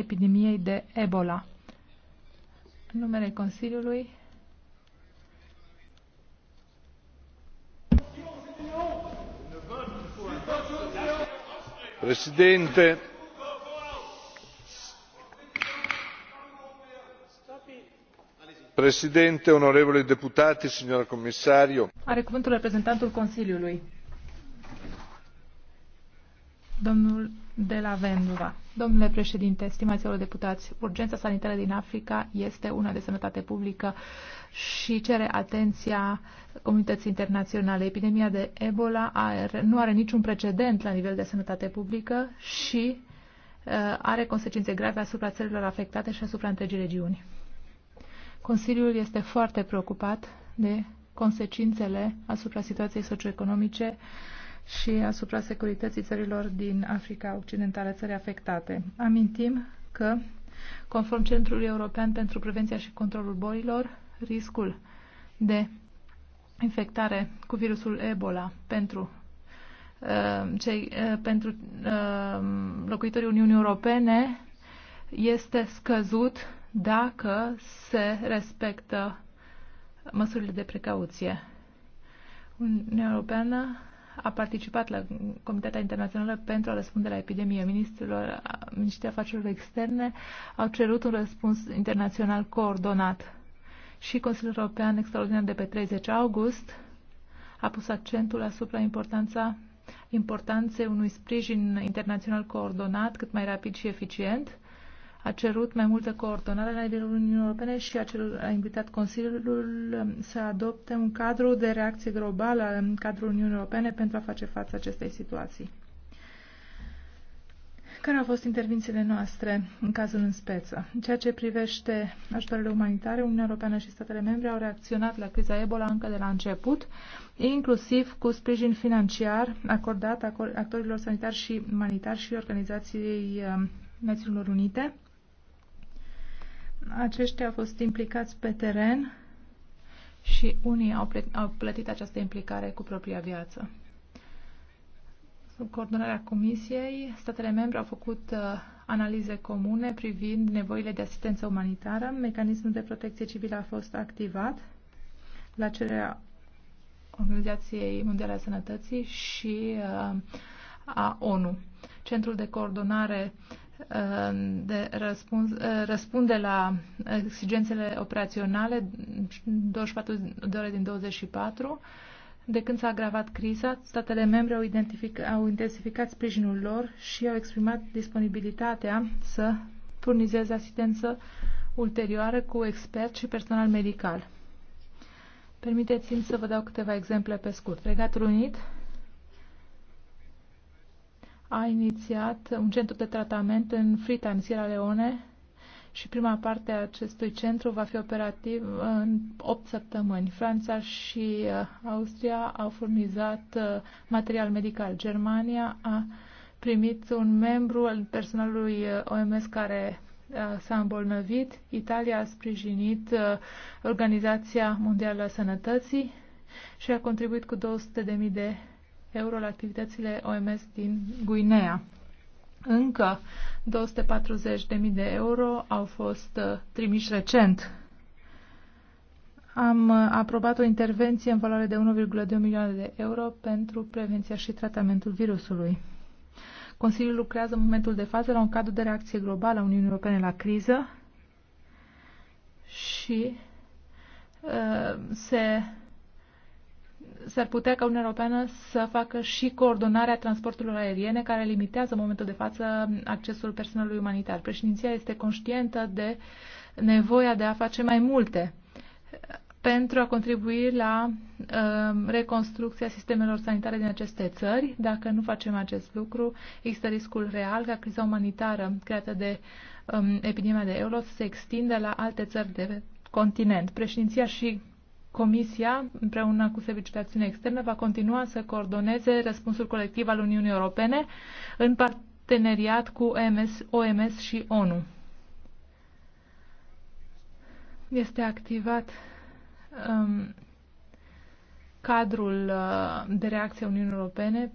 epidemiei de Ebola. În numele Consiliului. Presidente, presidente onorevoli deputati signor commissario are cuvântul reprezentantul consiliului domnul de la Vendova. Domnule președinte, stimați deputați, urgența sanitară din Africa este una de sănătate publică și cere atenția comunității internaționale. Epidemia de Ebola are, nu are niciun precedent la nivel de sănătate publică și uh, are consecințe grave asupra țărilor afectate și asupra întregii regiuni. Consiliul este foarte preocupat de consecințele asupra situației socioeconomice uh, și asupra securității țărilor din Africa Occidentală, țări afectate. Amintim că, conform Centrului European pentru Prevenția și Controlul Bolilor, riscul de infectare cu virusul Ebola pentru uh, cei, uh, pentru uh, locuitorii Uniunii Europene este scăzut dacă se respectă măsurile de precauție. Uniunea Europeană a participat la Comitatea Internațională pentru a răspunde la epidemie. Ministrilor, Ministrii Afacerilor Externe au cerut un răspuns internațional coordonat și Consiliul European Extraordinar de pe 30 august a pus accentul asupra importanța, importanței unui sprijin internațional coordonat cât mai rapid și eficient a cerut mai multă coordonare la nivelul Uniunii Europene și a, cerut, a invitat Consiliul um, să adopte un cadru de reacție globală în cadrul Uniunii Europene pentru a face față acestei situații. Care au fost intervențiile noastre în cazul în speță? În ceea ce privește ajutoarele umanitare, Uniunea Europeană și statele membre au reacționat la criza Ebola încă de la început, inclusiv cu sprijin financiar acordat actorilor sanitari și umanitari și Organizației um, Națiunilor Unite aceștia au fost implicați pe teren și unii au, plătit, au plătit această implicare cu propria viață. Sub coordonarea Comisiei, statele membre au făcut uh, analize comune privind nevoile de asistență umanitară. Mecanismul de protecție civilă a fost activat la cererea Organizației Mondiale a Sănătății și uh, a ONU. Centrul de coordonare de răspuns, răspunde la exigențele operaționale 24 de ore din 24. De când s-a agravat criza, statele membre au, au intensificat sprijinul lor și au exprimat disponibilitatea să furnizeze asistență ulterioară cu experți și personal medical. Permiteți-mi să vă dau câteva exemple pe scurt. Regatul Unit a inițiat un centru de tratament în Freetown, Sierra Leone și prima parte a acestui centru va fi operativ uh, în 8 săptămâni. Franța și uh, Austria au furnizat uh, material medical. Germania a primit un membru al personalului OMS care s-a îmbolnăvit. Italia a sprijinit Organizația Mondială a Sănătății și a contribuit cu 200.000 de euro la activitățile OMS din Guinea. Încă 240.000 de euro au fost uh, trimiși recent. Am uh, aprobat o intervenție în valoare de 1,2 milioane de euro pentru prevenția și tratamentul virusului. Consiliul lucrează în momentul de față la un cadru de reacție globală a Uniunii Europene la criză și uh, se s-ar putea ca Uniunea Europeană să facă și coordonarea transporturilor aeriene, care limitează în momentul de față accesul personalului umanitar. Președinția este conștientă de nevoia de a face mai multe pentru a contribui la uh, reconstrucția sistemelor sanitare din aceste țări. Dacă nu facem acest lucru, există riscul real ca criza umanitară creată de um, epidemia de euro să se extindă la alte țări de continent. Președinția și Comisia, împreună cu Serviciul de Acțiune Externă, va continua să coordoneze răspunsul colectiv al Uniunii Europene în parteneriat cu OMS, OMS și ONU. Este activat um, cadrul uh, de reacție a Uniunii Europene.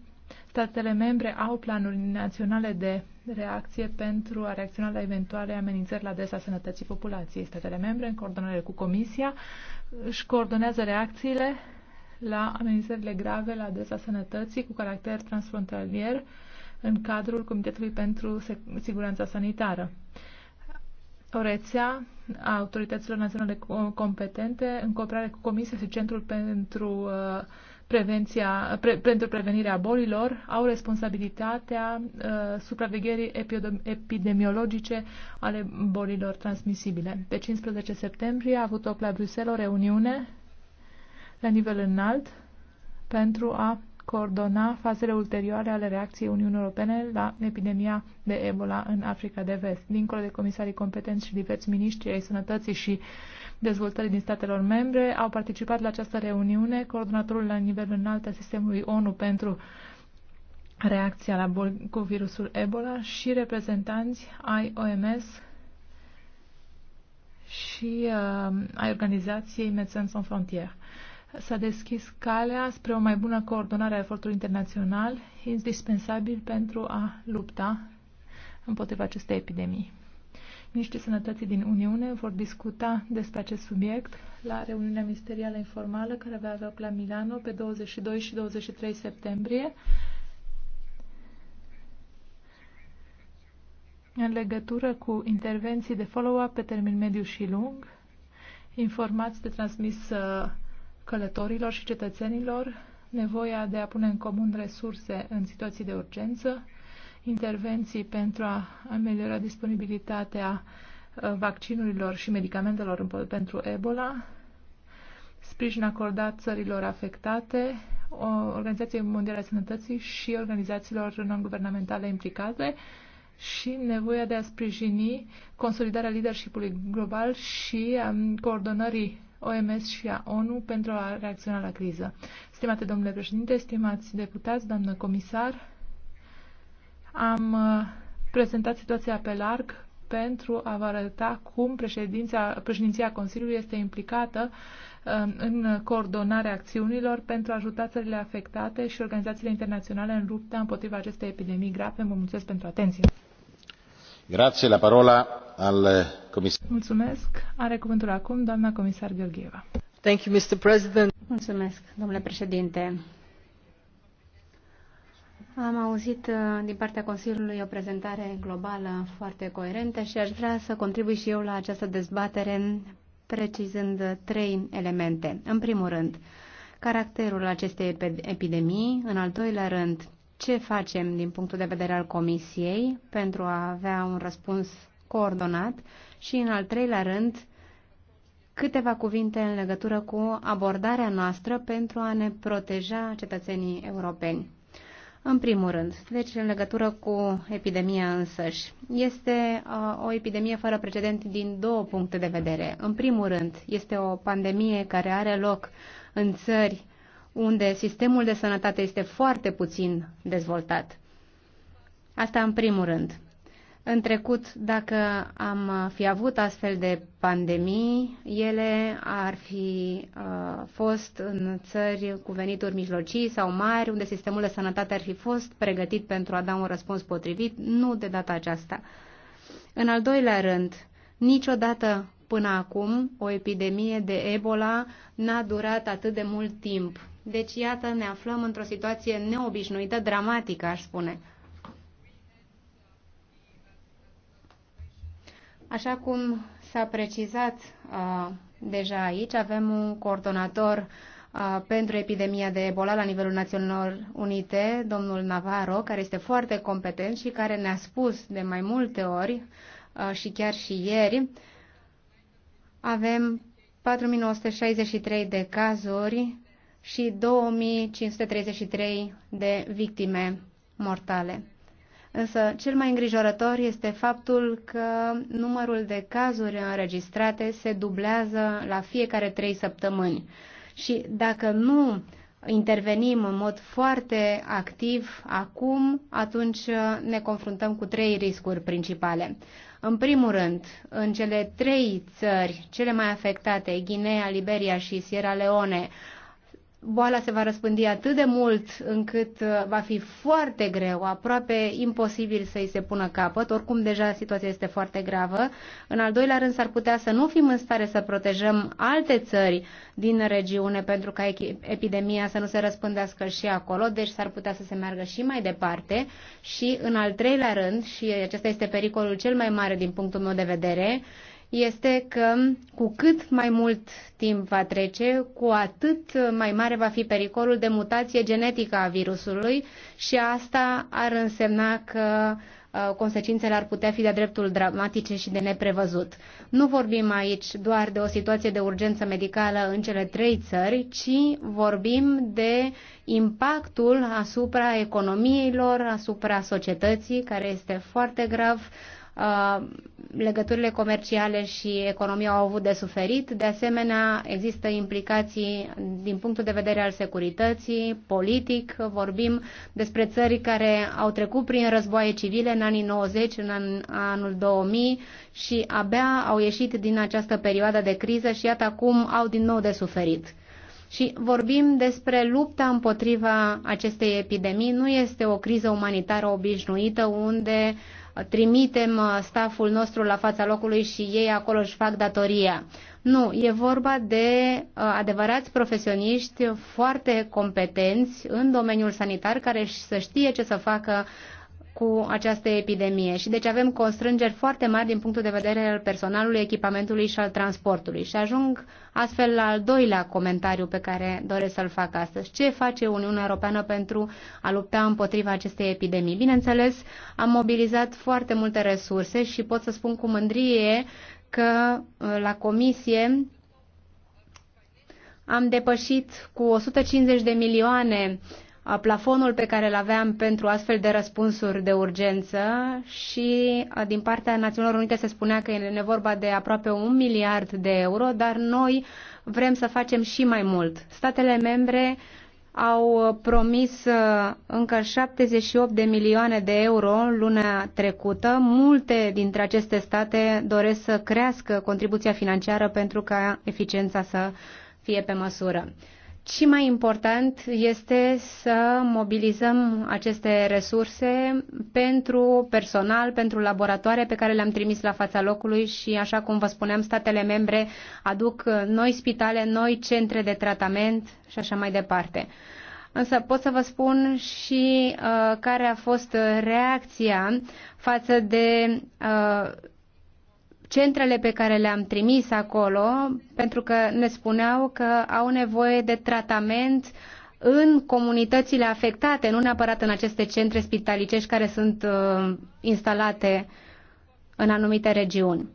Statele membre au planuri naționale de reacție pentru a reacționa la eventuale amenințări la adresa sănătății populației. Statele membre, în coordonare cu Comisia, își coordonează reacțiile la amenințările grave la adresa sănătății cu caracter transfrontalier în cadrul Comitetului pentru Siguranța Sanitară. O rețea a autorităților naționale competente în cooperare cu Comisia și Centrul pentru uh, prevenția, pre, pentru prevenirea bolilor au responsabilitatea uh, supravegherii epidemiologice ale bolilor transmisibile. Pe 15 septembrie a avut loc la Bruxelles o reuniune la nivel înalt pentru a coordona fazele ulterioare ale reacției Uniunii Europene la epidemia de Ebola în Africa de Vest. Dincolo de comisarii competenți și diversi miniștri ai sănătății și uh, dezvoltării din statelor membre. Au participat la această reuniune coordonatorul la nivel înalt al sistemului ONU pentru reacția la boli cu virusul Ebola și reprezentanți ai OMS și uh, ai organizației Médecins Sans Frontières. S-a deschis calea spre o mai bună coordonare a efortului internațional, indispensabil pentru a lupta împotriva acestei epidemii. Miniștrii Sănătății din Uniune vor discuta despre acest subiect la reuniunea ministerială informală care va avea loc la Milano pe 22 și 23 septembrie în legătură cu intervenții de follow-up pe termen mediu și lung, informați de transmis uh, călătorilor și cetățenilor, nevoia de a pune în comun resurse în situații de urgență, intervenții pentru a ameliora disponibilitatea uh, vaccinurilor și medicamentelor pentru Ebola, sprijin acordat țărilor afectate, Organizației Mondiale a Sănătății și organizațiilor non-guvernamentale implicate și nevoia de a sprijini consolidarea leadership-ului global și a um, coordonării OMS și a ONU pentru a reacționa la criză. Stimate domnule președinte, stimați deputați, doamnă comisar, am uh, prezentat situația pe larg pentru a vă arăta cum președinția, președinția Consiliului este implicată uh, în coordonarea acțiunilor pentru a ajuta țările afectate și organizațiile internaționale în lupta împotriva acestei epidemii grave. Vă mulțumesc pentru atenție. Grazie, la parola al uh, comisar. Mulțumesc. Are cuvântul acum doamna comisar Gheorgheva. Thank you, Mr. President. Mulțumesc, domnule președinte. Am auzit uh, din partea Consiliului o prezentare globală foarte coerentă și aș vrea să contribui și eu la această dezbatere precizând trei elemente. În primul rând, caracterul acestei epidemii, în al doilea rând, ce facem din punctul de vedere al Comisiei pentru a avea un răspuns coordonat și, în al treilea rând, câteva cuvinte în legătură cu abordarea noastră pentru a ne proteja cetățenii europeni. În primul rând, deci în legătură cu epidemia însăși, este uh, o epidemie fără precedent din două puncte de vedere. În primul rând, este o pandemie care are loc în țări unde sistemul de sănătate este foarte puțin dezvoltat. Asta în primul rând. În trecut, dacă am fi avut astfel de pandemii, ele ar fi uh, fost în țări cu venituri mijlocii sau mari, unde sistemul de sănătate ar fi fost pregătit pentru a da un răspuns potrivit, nu de data aceasta. În al doilea rând, niciodată până acum o epidemie de Ebola n-a durat atât de mult timp. Deci, iată, ne aflăm într-o situație neobișnuită, dramatică, aș spune. Așa cum s-a precizat uh, deja aici, avem un coordonator uh, pentru epidemia de Ebola la nivelul Națiunilor Unite, domnul Navarro, care este foarte competent și care ne-a spus de mai multe ori uh, și chiar și ieri, avem 4963 de cazuri și 2533 de victime mortale. Însă cel mai îngrijorător este faptul că numărul de cazuri înregistrate se dublează la fiecare trei săptămâni. Și dacă nu intervenim în mod foarte activ acum, atunci ne confruntăm cu trei riscuri principale. În primul rând, în cele trei țări cele mai afectate, Guinea, Liberia și Sierra Leone, boala se va răspândi atât de mult încât uh, va fi foarte greu, aproape imposibil să-i se pună capăt. Oricum, deja situația este foarte gravă. În al doilea rând, s-ar putea să nu fim în stare să protejăm alte țări din regiune pentru ca epidemia să nu se răspândească și acolo, deci s-ar putea să se meargă și mai departe. Și în al treilea rând, și acesta este pericolul cel mai mare din punctul meu de vedere, este că cu cât mai mult timp va trece, cu atât mai mare va fi pericolul de mutație genetică a virusului și asta ar însemna că uh, consecințele ar putea fi de dreptul dramatice și de neprevăzut. Nu vorbim aici doar de o situație de urgență medicală în cele trei țări, ci vorbim de impactul asupra economiilor, asupra societății, care este foarte grav, Uh, legăturile comerciale și economia au avut de suferit. De asemenea, există implicații din punctul de vedere al securității, politic. Vorbim despre țări care au trecut prin războaie civile în anii 90, în anul 2000 și abia au ieșit din această perioadă de criză și iată acum au din nou de suferit și vorbim despre lupta împotriva acestei epidemii. Nu este o criză umanitară obișnuită unde trimitem uh, staful nostru la fața locului și ei acolo își fac datoria. Nu, e vorba de uh, adevărați profesioniști foarte competenți în domeniul sanitar care să știe ce să facă cu această epidemie și deci avem constrângeri foarte mari din punctul de vedere al personalului, echipamentului și al transportului. Și ajung astfel la al doilea comentariu pe care doresc să-l fac astăzi. Ce face Uniunea Europeană pentru a lupta împotriva acestei epidemii? Bineînțeles, am mobilizat foarte multe resurse și pot să spun cu mândrie că uh, la comisie am depășit cu 150 de milioane uh, plafonul pe care îl aveam pentru astfel de răspunsuri de urgență și din partea Națiunilor Unite se spunea că e vorba de aproape un miliard de euro, dar noi vrem să facem și mai mult. Statele membre au promis încă 78 de milioane de euro luna trecută. Multe dintre aceste state doresc să crească contribuția financiară pentru ca eficiența să fie pe măsură. Și mai important este să mobilizăm aceste resurse pentru personal, pentru laboratoare pe care le-am trimis la fața locului și, așa cum vă spuneam, statele membre aduc noi spitale, noi centre de tratament și așa mai departe. Însă pot să vă spun și uh, care a fost reacția față de uh, centrele pe care le-am trimis acolo, pentru că ne spuneau că au nevoie de tratament în comunitățile afectate, nu neapărat în aceste centre spitalicești care sunt uh, instalate în anumite regiuni.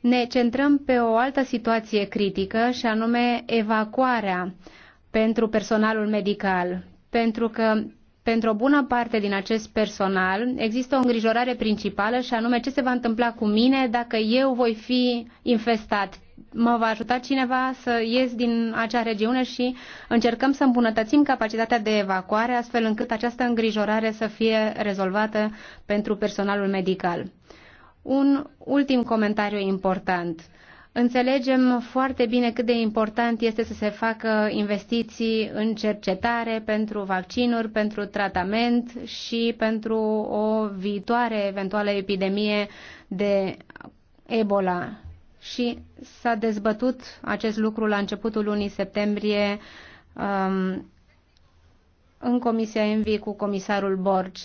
Ne centrăm pe o altă situație critică și anume evacuarea pentru personalul medical, pentru că pentru o bună parte din acest personal există o îngrijorare principală și anume ce se va întâmpla cu mine dacă eu voi fi infestat. Mă va ajuta cineva să ies din acea regiune și încercăm să îmbunătățim capacitatea de evacuare astfel încât această îngrijorare să fie rezolvată pentru personalul medical. Un ultim comentariu important. Înțelegem foarte bine cât de important este să se facă investiții în cercetare pentru vaccinuri, pentru tratament și pentru o viitoare eventuală epidemie de Ebola. Și s-a dezbătut acest lucru la începutul lunii septembrie um, în Comisia Envi cu comisarul Borgi.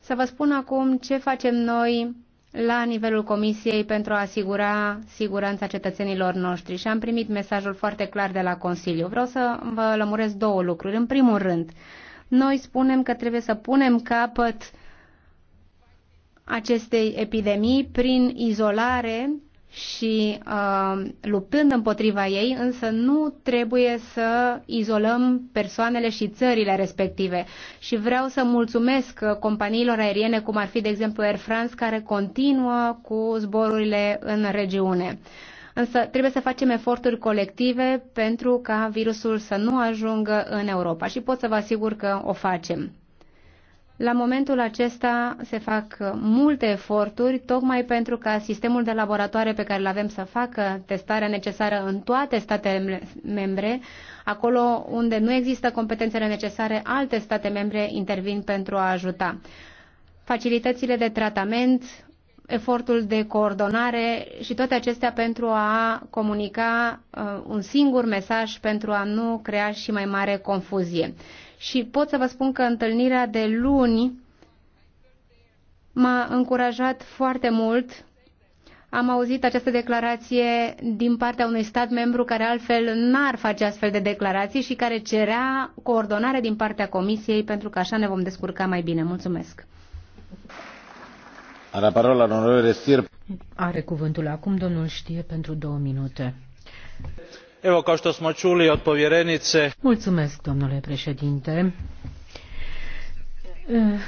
Să vă spun acum ce facem noi la nivelul Comisiei pentru a asigura siguranța cetățenilor noștri și am primit mesajul foarte clar de la Consiliu. Vreau să vă lămuresc două lucruri. În primul rând, noi spunem că trebuie să punem capăt acestei epidemii prin izolare și uh, luptând împotriva ei, însă nu trebuie să izolăm persoanele și țările respective. Și vreau să mulțumesc uh, companiilor aeriene, cum ar fi, de exemplu, Air France, care continuă cu zborurile în regiune. Însă trebuie să facem eforturi colective pentru ca virusul să nu ajungă în Europa și pot să vă asigur că o facem. La momentul acesta se fac multe eforturi tocmai pentru ca sistemul de laboratoare pe care îl avem să facă testarea necesară în toate statele membre, acolo unde nu există competențele necesare, alte state membre intervin pentru a ajuta. Facilitățile de tratament, efortul de coordonare și toate acestea pentru a comunica uh, un singur mesaj pentru a nu crea și mai mare confuzie și pot să vă spun că întâlnirea de luni m-a încurajat foarte mult. Am auzit această declarație din partea unui stat membru care altfel n-ar face astfel de declarații și care cerea coordonare din partea Comisiei pentru că așa ne vom descurca mai bine. Mulțumesc. Are, parola, are cuvântul acum domnul Știe pentru două minute evo domnule președinte.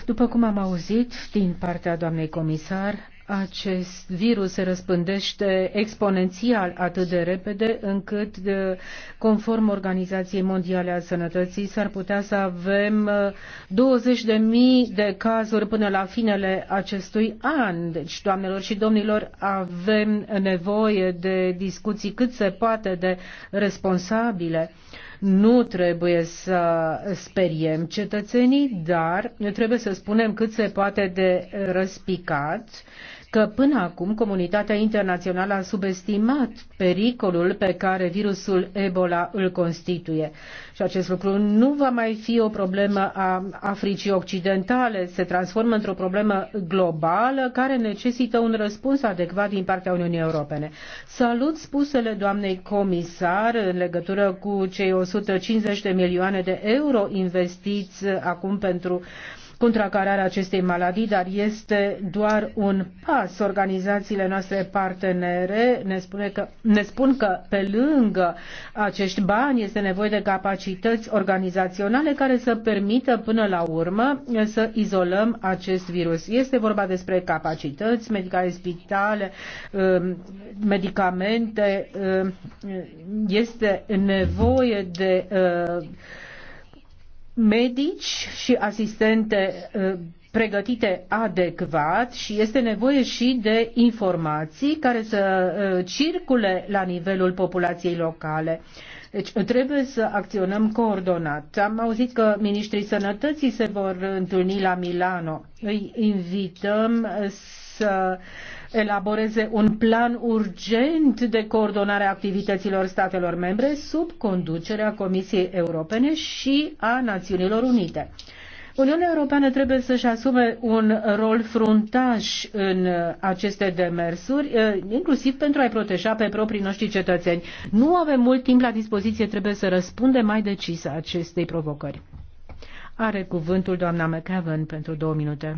După cum am auzit din partea doamnei comisar, acest virus se răspândește exponențial atât de repede încât, conform Organizației Mondiale a Sănătății, s-ar putea să avem 20.000 uh, de cazuri până la finele acestui an. Deci, doamnelor și domnilor, avem nevoie de discuții cât se poate de responsabile. Nu trebuie să speriem cetățenii, dar trebuie să spunem cât se poate de răspicat că până acum comunitatea internațională a subestimat pericolul pe care virusul Ebola îl constituie. Și acest lucru nu va mai fi o problemă a Africii Occidentale, se transformă într-o problemă globală care necesită un răspuns adecvat din partea Uniunii Europene. Salut spusele doamnei comisar în legătură cu cei 150 de milioane de euro investiți acum pentru uh, contracararea acestei maladii, dar este doar un pas. Organizațiile noastre partenere ne, spune că, ne spun că pe lângă acești bani este nevoie de capacități organizaționale care să permită până la urmă să izolăm acest virus. Este vorba despre capacități medicale, spitale, um, medicamente. Um, este nevoie de uh, medici și asistente pregătite adecvat și este nevoie și de informații care să circule la nivelul populației locale. Deci trebuie să acționăm coordonat. Am auzit că ministrii sănătății se vor întâlni la Milano. Îi invităm să elaboreze un plan urgent de coordonare a activităților statelor membre sub conducerea Comisiei Europene și a Națiunilor Unite. Uniunea Europeană trebuie să-și asume un rol fruntaș în aceste demersuri, eh, inclusiv pentru a-i proteja pe proprii noștri cetățeni. Nu avem mult timp la dispoziție, trebuie să răspundem mai decis acestei provocări. Are cuvântul doamna McAvan pentru două minute.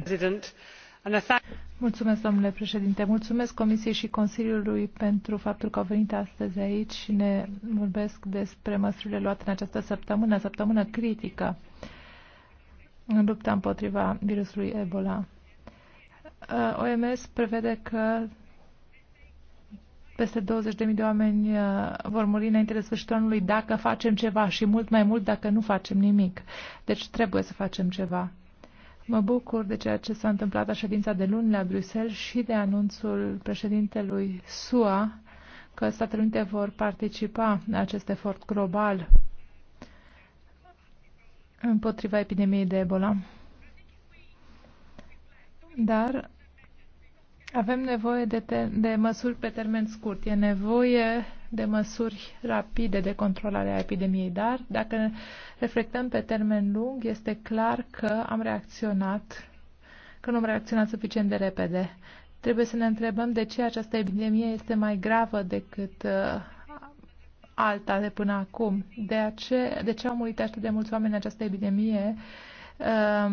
Mulțumesc, domnule președinte. Mulțumesc Comisiei și Consiliului pentru faptul că au venit astăzi aici și ne vorbesc despre măsurile luate în această săptămână, săptămână critică în lupta împotriva virusului Ebola. Uh, OMS prevede că peste 20.000 de oameni uh, vor muri înainte de sfârșitul anului dacă facem ceva și mult mai mult dacă nu facem nimic. Deci trebuie să facem ceva. Mă bucur de ceea ce s-a întâmplat la ședința de luni la Bruxelles și de anunțul președintelui SUA că Statele Unite vor participa la acest efort global împotriva epidemiei de Ebola. Dar avem nevoie de, de măsuri pe termen scurt. E nevoie de măsuri rapide de controlare a epidemiei, dar dacă reflectăm pe termen lung, este clar că am reacționat, că nu am reacționat suficient de repede. Trebuie să ne întrebăm de ce această epidemie este mai gravă decât uh, alta de până acum. De, ace- de ce au murit atât de mulți oameni în această epidemie? Uh,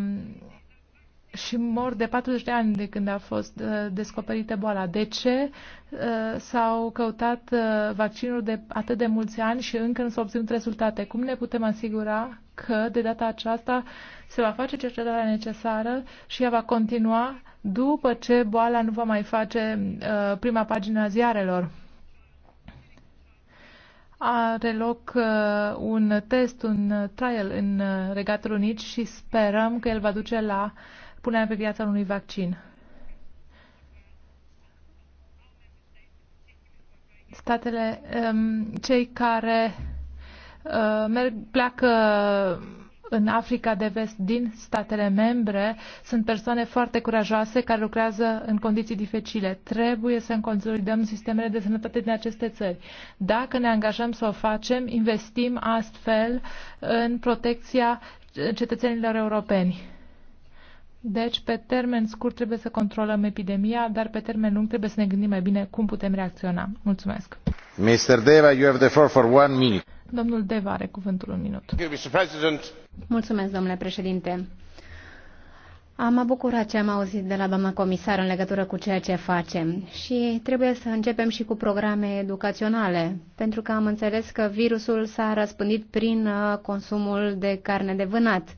și mor de 40 de ani de când a fost uh, descoperită boala. De ce uh, s-au căutat uh, vaccinuri de atât de mulți ani și încă nu s-au obținut rezultate? Cum ne putem asigura că de data aceasta se va face cercetarea necesară și ea va continua după ce boala nu va mai face uh, prima a ziarelor? Are loc uh, un test, un uh, trial în uh, Regatul Unit și sperăm că el va duce la uh, punerea pe viața unui vaccin. Statele, um, cei care uh, merg, pleacă în Africa de Vest din statele membre sunt persoane foarte curajoase care lucrează în condiții dificile. Trebuie să consolidăm sistemele de sănătate din aceste țări. Dacă ne angajăm să o facem, investim astfel în protecția cetățenilor europeni. Deci, pe termen scurt trebuie să controlăm epidemia, dar pe termen lung trebuie să ne gândim mai bine cum putem reacționa. Mulțumesc. Mr. Deva, you have the floor for one minute. Domnul Deva are cuvântul un minut. Mulțumesc, domnule președinte. Am bucurat ce am auzit de la doamna comisar în legătură cu ceea ce facem și trebuie să începem și cu programe educaționale, pentru că am înțeles că virusul s-a răspândit prin uh, consumul de carne de vânat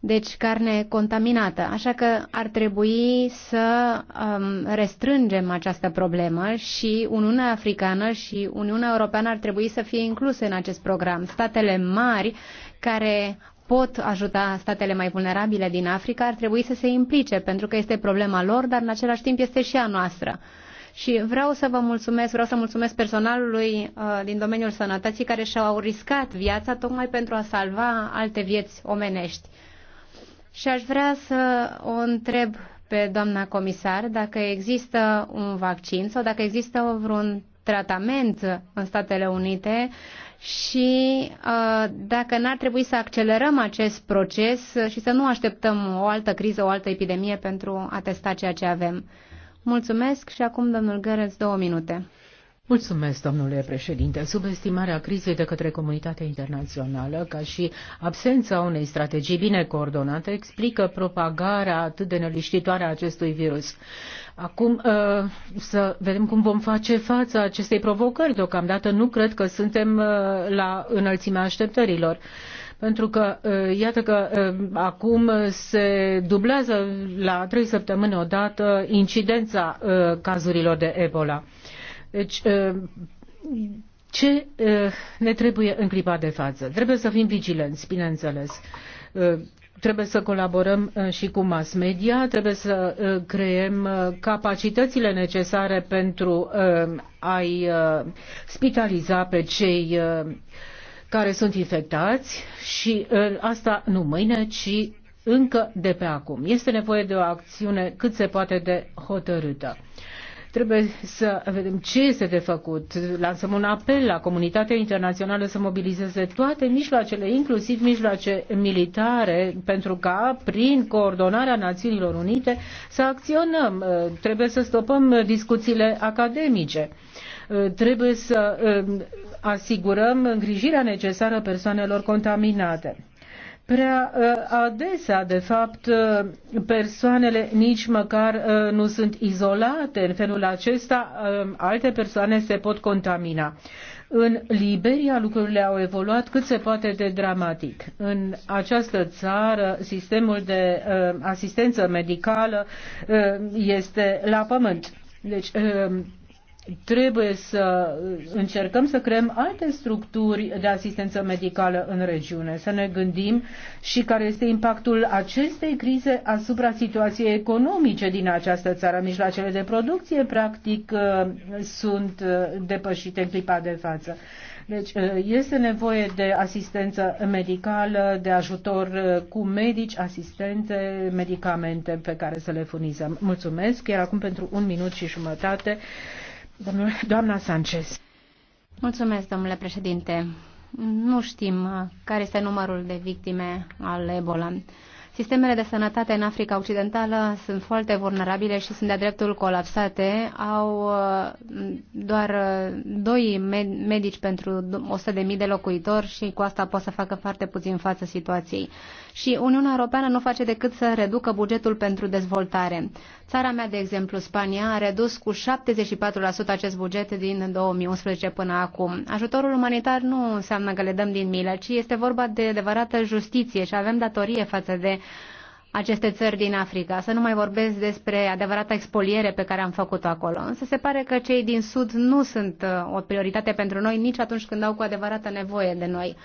deci carne contaminată. Așa că ar trebui să um, restrângem această problemă și Uniunea Africană și Uniunea Europeană ar trebui să fie incluse în acest program. Statele mari care pot ajuta statele mai vulnerabile din Africa ar trebui să se implice, pentru că este problema lor, dar în același timp este și a noastră. Și vreau să vă mulțumesc, vreau să mulțumesc personalului uh, din domeniul sănătății care și-au riscat viața tocmai pentru a salva alte vieți omenești. Și aș vrea să o întreb pe doamna comisar dacă există un vaccin sau dacă există vreun tratament în Statele Unite și uh, dacă n-ar trebui să accelerăm acest proces și să nu așteptăm o altă criză, o altă epidemie pentru a testa ceea ce avem. Mulțumesc și acum domnul Gărăț două minute. Mulțumesc, domnule președinte. Subestimarea crizei de către comunitatea internațională, ca și absența unei strategii bine coordonate, explică propagarea atât de neliștitoare a acestui virus. Acum uh, să vedem cum vom face față acestei provocări. Deocamdată nu cred că suntem uh, la înălțimea așteptărilor pentru că uh, iată că acum se dublează la trei săptămâni odată incidența cazurilor de Ebola. Deci, ă, ce ă, ne trebuie în clipa de față? Trebuie să fim vigilenți, bineînțeles. Ă, trebuie să colaborăm și cu mass media, trebuie să creăm capacitățile necesare pentru a-i spitaliza pe cei care sunt infectați și asta nu mâine, ci încă de pe acum. Este nevoie de o acțiune cât se poate de hotărâtă. Trebuie să vedem ce este de făcut. Lansăm un apel la comunitatea internațională să mobilizeze toate mijloacele, inclusiv mijloace militare, pentru ca, prin coordonarea Națiunilor Unite, să acționăm. Trebuie să stopăm discuțiile academice. Trebuie să um, asigurăm îngrijirea necesară persoanelor contaminate Prea uh, adesea, de fapt, uh, persoanele nici măcar uh, nu sunt izolate. În felul acesta, um, alte persoane se pot contamina. În Liberia lucrurile au evoluat cât se poate de dramatic. În această țară sistemul de asistență medicală este la pământ. Deci um, trebuie să încercăm să creăm alte structuri de asistență medicală în regiune, să ne gândim și care este impactul acestei crize asupra situației economice din această țară. Mijloacele de producție, practic, uh, sunt uh, depășite în clipa de față. Deci uh, este nevoie de asistență medicală, de ajutor cu medici, asistente, medicamente pe care să le furnizăm. Mulțumesc, iar acum pentru un minut și jumătate doamna Sanchez. Mulțumesc, domnule președinte. Nu știm uh, care este numărul de victime al Ebola. Sistemele de sănătate în Africa Occidentală sunt foarte vulnerabile și sunt de-a dreptul colapsate. Au uh, doar uh, doi medici pentru 100.000 de locuitori și cu asta pot să facă foarte puțin față situației și Uniunea Europeană nu face decât să reducă bugetul pentru dezvoltare. Țara mea, de exemplu, Spania, a redus cu 74% acest buget din 2011 până acum. Ajutorul umanitar nu înseamnă că le dăm din milă, ci este vorba de adevărată justiție și avem datorie față de aceste țări din Africa. Să nu mai vorbesc despre adevărata expoliere pe care am făcut-o acolo. Însă se pare că cei din Sud nu sunt uh, o prioritate pentru noi nici atunci când au cu adevărată nevoie de noi.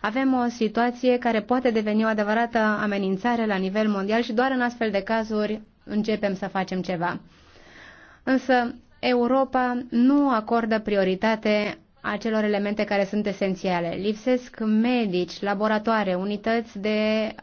Avem o situație care poate deveni o adevărată amenințare la nivel mondial și doar în astfel de cazuri începem să facem ceva. Însă Europa nu acordă prioritate acelor elemente care sunt esențiale. Lipsesc medici, laboratoare, unități de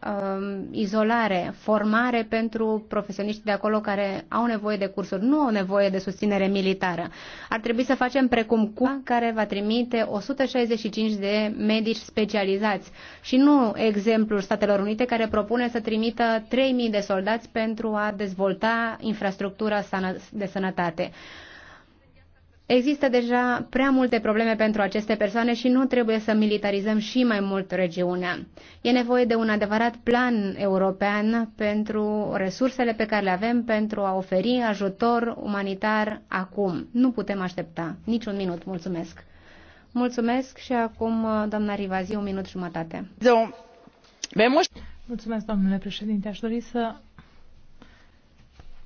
um, izolare, formare pentru profesioniști de acolo care au nevoie de cursuri, nu au nevoie de susținere militară. Ar trebui să facem precum cu care va trimite 165 de medici specializați și nu exemplul Statelor Unite care propune să trimită 3000 de soldați pentru a dezvolta infrastructura de sănătate. Există deja prea multe probleme pentru aceste persoane și nu trebuie să militarizăm și mai mult regiunea. E nevoie de un adevărat plan european pentru resursele pe care le avem pentru a oferi ajutor umanitar acum. Nu putem aștepta. Niciun minut. Mulțumesc. Mulțumesc și acum, doamna Rivazi, un minut jumătate. Mulțumesc, domnule președinte. Aș dori să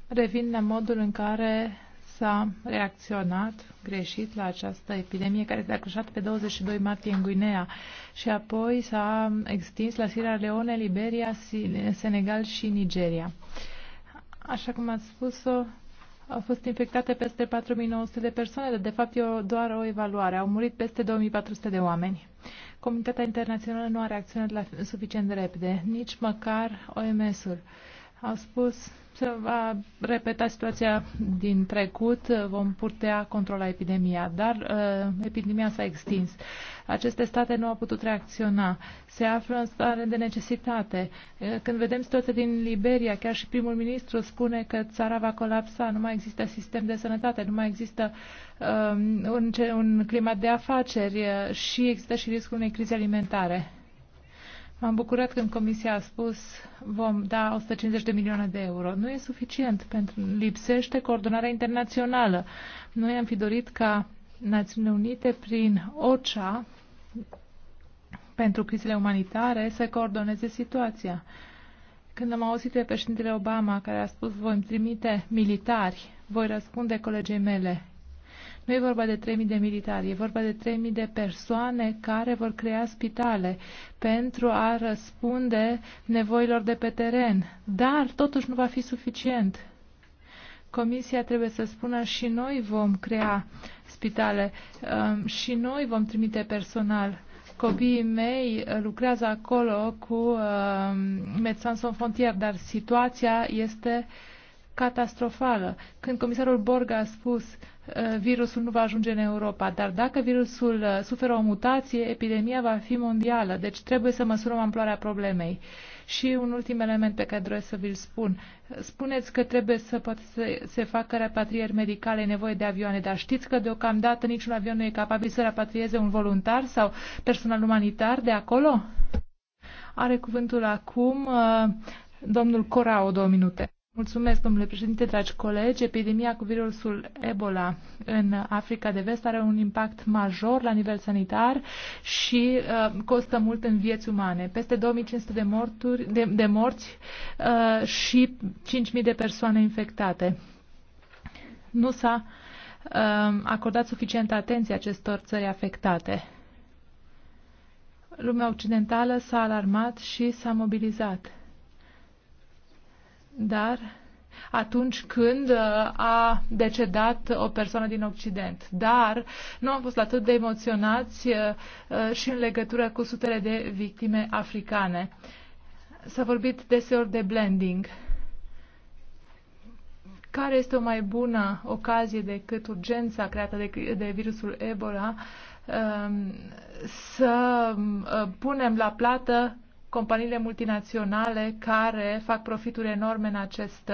revin la modul în care s-a reacționat greșit la această epidemie care s-a declanșat pe 22 martie în Guinea și apoi s-a extins la Sierra Leone, Liberia, Senegal și Nigeria. Așa cum ați spus-o, au fost infectate peste 4900 de persoane, dar de fapt e o, doar o evaluare. Au murit peste 2400 de oameni. Comunitatea internațională nu a reacționat la, suficient de repede, nici măcar OMS-ul. Au spus se va repeta situația din trecut, vom putea controla epidemia, dar uh, epidemia s-a extins. Aceste state nu au putut reacționa, se află în stare de necesitate. Uh, când vedem situația din Liberia, chiar și primul ministru spune că țara va colapsa, nu mai există sistem de sănătate, nu mai există uh, un, un climat de afaceri uh, și există și riscul unei crize alimentare. M-am bucurat când Comisia a spus vom da 150 de milioane de euro. Nu e suficient, pentru lipsește coordonarea internațională. Noi am fi dorit ca Națiunile Unite prin OCHA pentru crizele umanitare să coordoneze situația. Când am auzit pe președintele Obama care a spus voi trimite militari, voi răspunde colegii mele, nu e vorba de 3.000 de militari, e vorba de 3.000 de persoane care vor crea spitale pentru a răspunde nevoilor de pe teren. Dar totuși nu va fi suficient. Comisia trebuie să spună și noi vom crea spitale um, și noi vom trimite personal. Copiii mei uh, lucrează acolo cu um, Médecins Sans Frontières, dar situația este catastrofală. Când comisarul Borga a spus Uh, virusul nu va ajunge în Europa, dar dacă virusul uh, suferă o mutație, epidemia va fi mondială, deci trebuie să măsurăm amploarea problemei. Și un ultim element pe care doresc să vi-l spun. Spuneți că trebuie să poate să se facă repatrieri medicale, nevoie de avioane, dar știți că deocamdată niciun avion nu e capabil să repatrieze un voluntar sau personal umanitar de acolo? Are cuvântul acum uh, domnul Corao, două minute. Mulțumesc, domnule președinte, dragi colegi. Epidemia cu virusul Ebola în Africa de Vest are un impact major la nivel sanitar și uh, costă mult în vieți umane. Peste 2500 de, morturi, de, de morți uh, și 5000 de persoane infectate. Nu s-a uh, acordat suficientă atenție acestor țări afectate. Lumea occidentală s-a alarmat și s-a mobilizat dar atunci când uh, a decedat o persoană din Occident. Dar nu am fost atât de emoționați uh, uh, și în legătură cu sutele de victime africane. S-a vorbit deseori de blending. Care este o mai bună ocazie decât urgența creată de, de virusul Ebola um, să punem la plată companiile multinaționale care fac profituri enorme în, acest,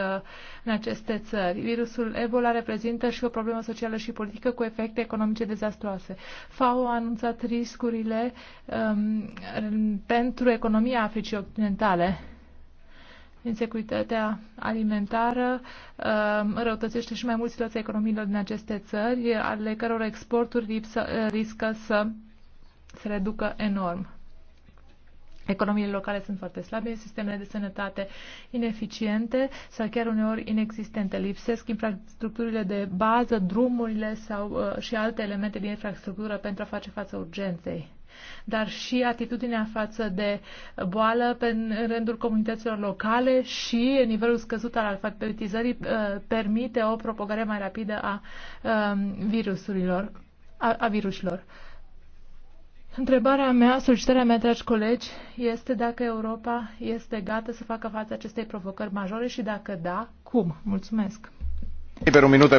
în aceste țări. Virusul Ebola reprezintă și o problemă socială și politică cu efecte economice dezastroase. FAO a anunțat riscurile um, pentru economia Africii Occidentale insecuritatea alimentară um, răutățește și mai mult situația economiilor din aceste țări, ale căror exporturi lipsă, riscă să se reducă enorm. Economiile locale sunt foarte slabe, sistemele de sănătate ineficiente sau chiar uneori inexistente. Lipsesc infrastructurile de bază, drumurile sau, uh, și alte elemente din infrastructură pentru a face față urgenței dar și atitudinea față de boală pe, în rândul comunităților locale și nivelul scăzut al alfabetizării uh, permite o propagare mai rapidă a um, virusurilor, a, a virusilor. Întrebarea mea, solicitarea mea, dragi colegi, este dacă Europa este gata să facă față acestei provocări majore și dacă da, cum? Mulțumesc. un minut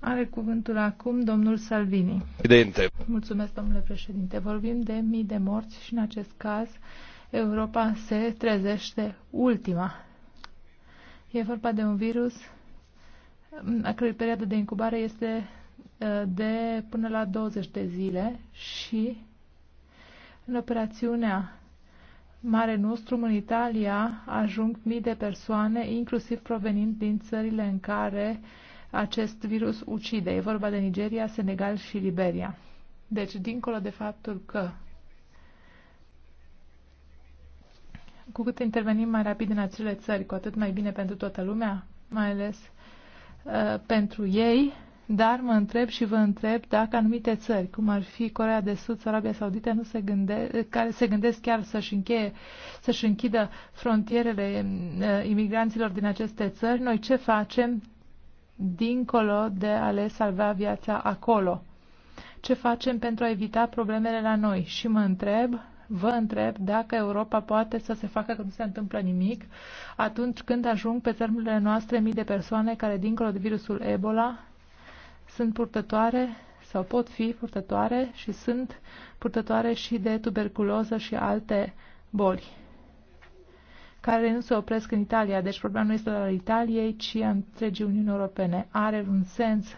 Are cuvântul acum domnul Salvini. Presidente. Mulțumesc, domnule președinte. Vorbim de mii de morți și în acest caz Europa se trezește ultima. E vorba de un virus a cărui perioadă de incubare este uh, de până la 20 de zile și în operațiunea Mare Nostrum în Italia ajung mii de persoane, inclusiv provenind din țările în care acest virus ucide. E vorba de Nigeria, Senegal și Liberia. Deci, dincolo de faptul că cu cât intervenim mai rapid în acele țări, cu atât mai bine pentru toată lumea, mai ales uh, pentru ei, dar mă întreb și vă întreb dacă anumite țări, cum ar fi Corea de Sud Arabia Saudită, nu se gânde, care se gândesc chiar să-și, încheie, să-și închidă frontierele eh, imigranților din aceste țări, noi ce facem dincolo de a le salva viața acolo? Ce facem pentru a evita problemele la noi? Și mă întreb vă întreb dacă Europa poate să se facă că nu se întâmplă nimic atunci când ajung pe țărmurile noastre mii de persoane care, dincolo de virusul Ebola, sunt purtătoare sau pot fi purtătoare și sunt purtătoare și de tuberculoză și alte boli care nu se opresc în Italia. Deci problema nu este la Italiei, ci a întregii Uniuni Europene. Are un sens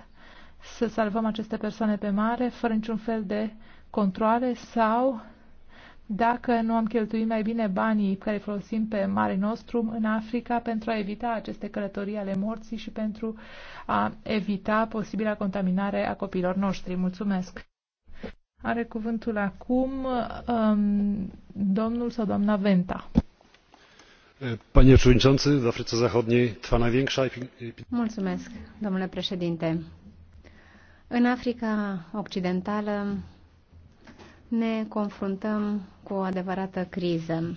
să salvăm aceste persoane pe mare fără niciun fel de controle sau dacă nu am cheltuit mai bine banii care folosim pe Mare Nostrum în Africa pentru a evita aceste călătorii ale morții și pentru a evita posibila contaminare a copiilor noștri. Mulțumesc! Are cuvântul acum um, domnul sau doamna Venta. Panie przewodniczący, w Afryce Zachodniej trwa największa... Mulțumesc, domnule președinte. În Africa Occidentală, ne confruntăm cu o adevărată criză.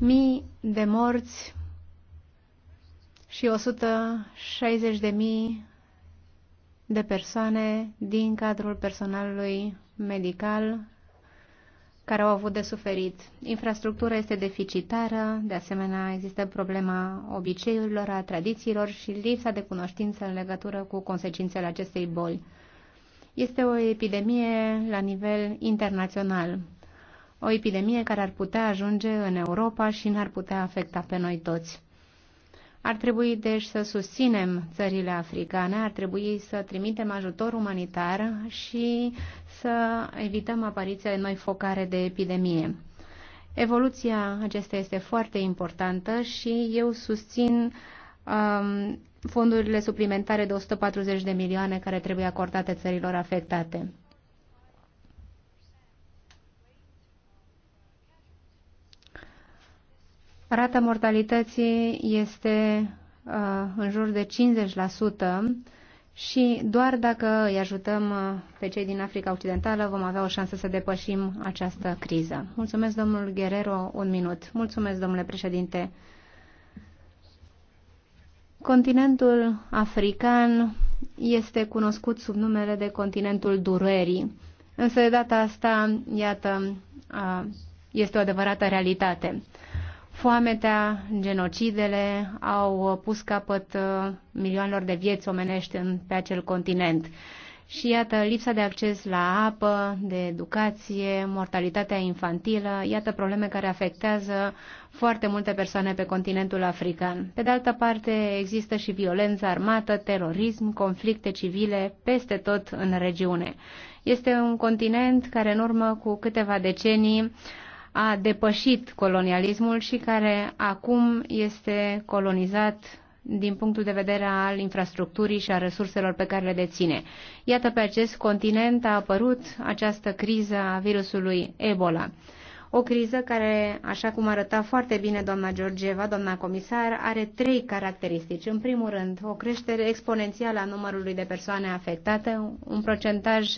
Mii de morți și 160.000 de persoane din cadrul personalului medical care au avut de suferit. Infrastructura este deficitară, de asemenea există problema obiceiurilor, a tradițiilor și lipsa de cunoștință în legătură cu consecințele acestei boli. Este o epidemie la nivel internațional, o epidemie care ar putea ajunge în Europa și n ar putea afecta pe noi toți. Ar trebui deci să susținem țările africane, ar trebui să trimitem ajutor umanitar și să evităm apariția de noi focare de epidemie. Evoluția acesta este foarte importantă și eu susțin um, fondurile suplimentare de 140 de milioane care trebuie acordate țărilor afectate. Rata mortalității este uh, în jur de 50% și doar dacă îi ajutăm uh, pe cei din Africa Occidentală vom avea o șansă să depășim această criză. Mulțumesc, domnul Guerrero, un minut. Mulțumesc, domnule președinte. Continentul african este cunoscut sub numele de continentul durerii. Însă de data asta, iată, uh, este o adevărată realitate. Foametea, genocidele au pus capăt uh, milioanelor de vieți omenești în, pe acel continent. Și iată, lipsa de acces la apă, de educație, mortalitatea infantilă, iată probleme care afectează foarte multe persoane pe continentul african. Pe de altă parte, există și violență armată, terorism, conflicte civile peste tot în regiune. Este un continent care în urmă cu câteva decenii a depășit colonialismul și care acum este colonizat din punctul de vedere al infrastructurii și a resurselor pe care le deține. Iată, pe acest continent a apărut această criză a virusului Ebola. O criză care, așa cum arăta foarte bine doamna Georgieva, doamna comisar, are trei caracteristici. În primul rând, o creștere exponențială a numărului de persoane afectate, un procentaj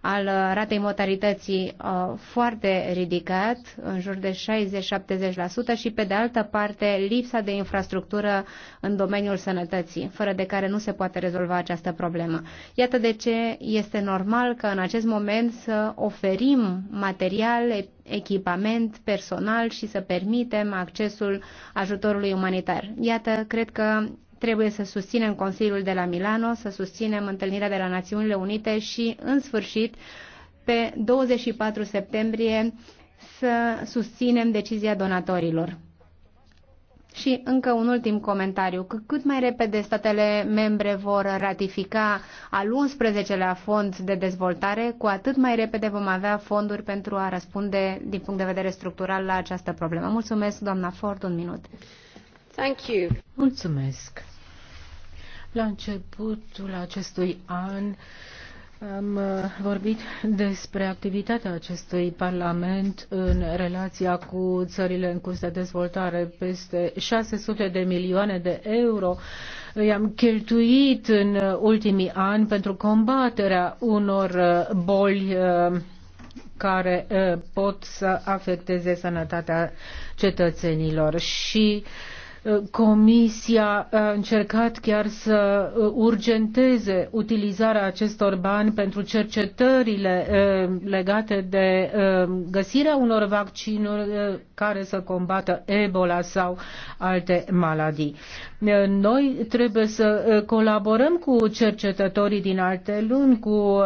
al uh, ratei mortalității uh, foarte ridicat, în jur de 60-70% și pe de altă parte lipsa de infrastructură în domeniul sănătății, fără de care nu se poate rezolva această problemă. Iată de ce este normal că în acest moment să oferim material, echipament, personal și să permitem accesul ajutorului umanitar. Iată, cred că Trebuie să susținem Consiliul de la Milano, să susținem întâlnirea de la Națiunile Unite și, în sfârșit, pe 24 septembrie să susținem decizia donatorilor. Și încă un ultim comentariu. cât mai repede statele membre vor ratifica al 11-lea fond de dezvoltare, cu atât mai repede vom avea fonduri pentru a răspunde din punct de vedere structural la această problemă. Mulțumesc, doamna Ford, un minut. Thank you. Mulțumesc. La începutul acestui an am uh, vorbit despre activitatea acestui Parlament în relația cu țările în curs de dezvoltare. Peste 600 de milioane de euro i-am cheltuit în ultimii ani pentru combaterea unor uh, boli uh, care pot să afecteze sănătatea cetățenilor. Și uh, Comisia a încercat chiar să uh, urgenteze utilizarea acestor bani pentru cercetările uh, legate de uh, găsirea unor vaccinuri care să combată Ebola sau alte maladii. Noi trebuie să colaborăm cu cercetătorii din alte luni, cu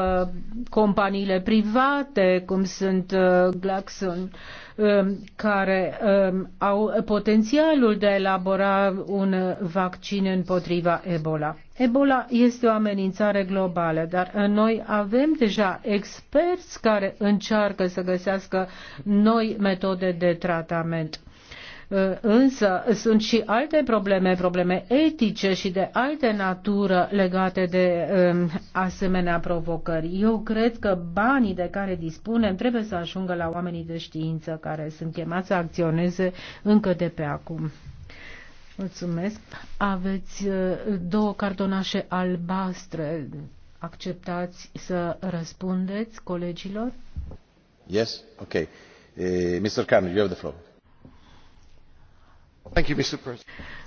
companiile private, cum sunt Glaxon, Um, care um, au potențialul de a elabora un vaccin împotriva Ebola. Ebola este o amenințare globală, dar noi avem deja experți care încearcă să găsească noi metode de tratament. Ă, însă sunt și alte probleme, probleme etice și de alte natură legate de ă, asemenea provocări. Eu cred că banii de care dispunem trebuie să ajungă la oamenii de știință care sunt chemați să acționeze încă de pe acum. Mulțumesc. Aveți ă, două cartonașe albastre. Acceptați să răspundeți colegilor? Yes, okay. Uh, eh, Mr. Carney, you have the floor.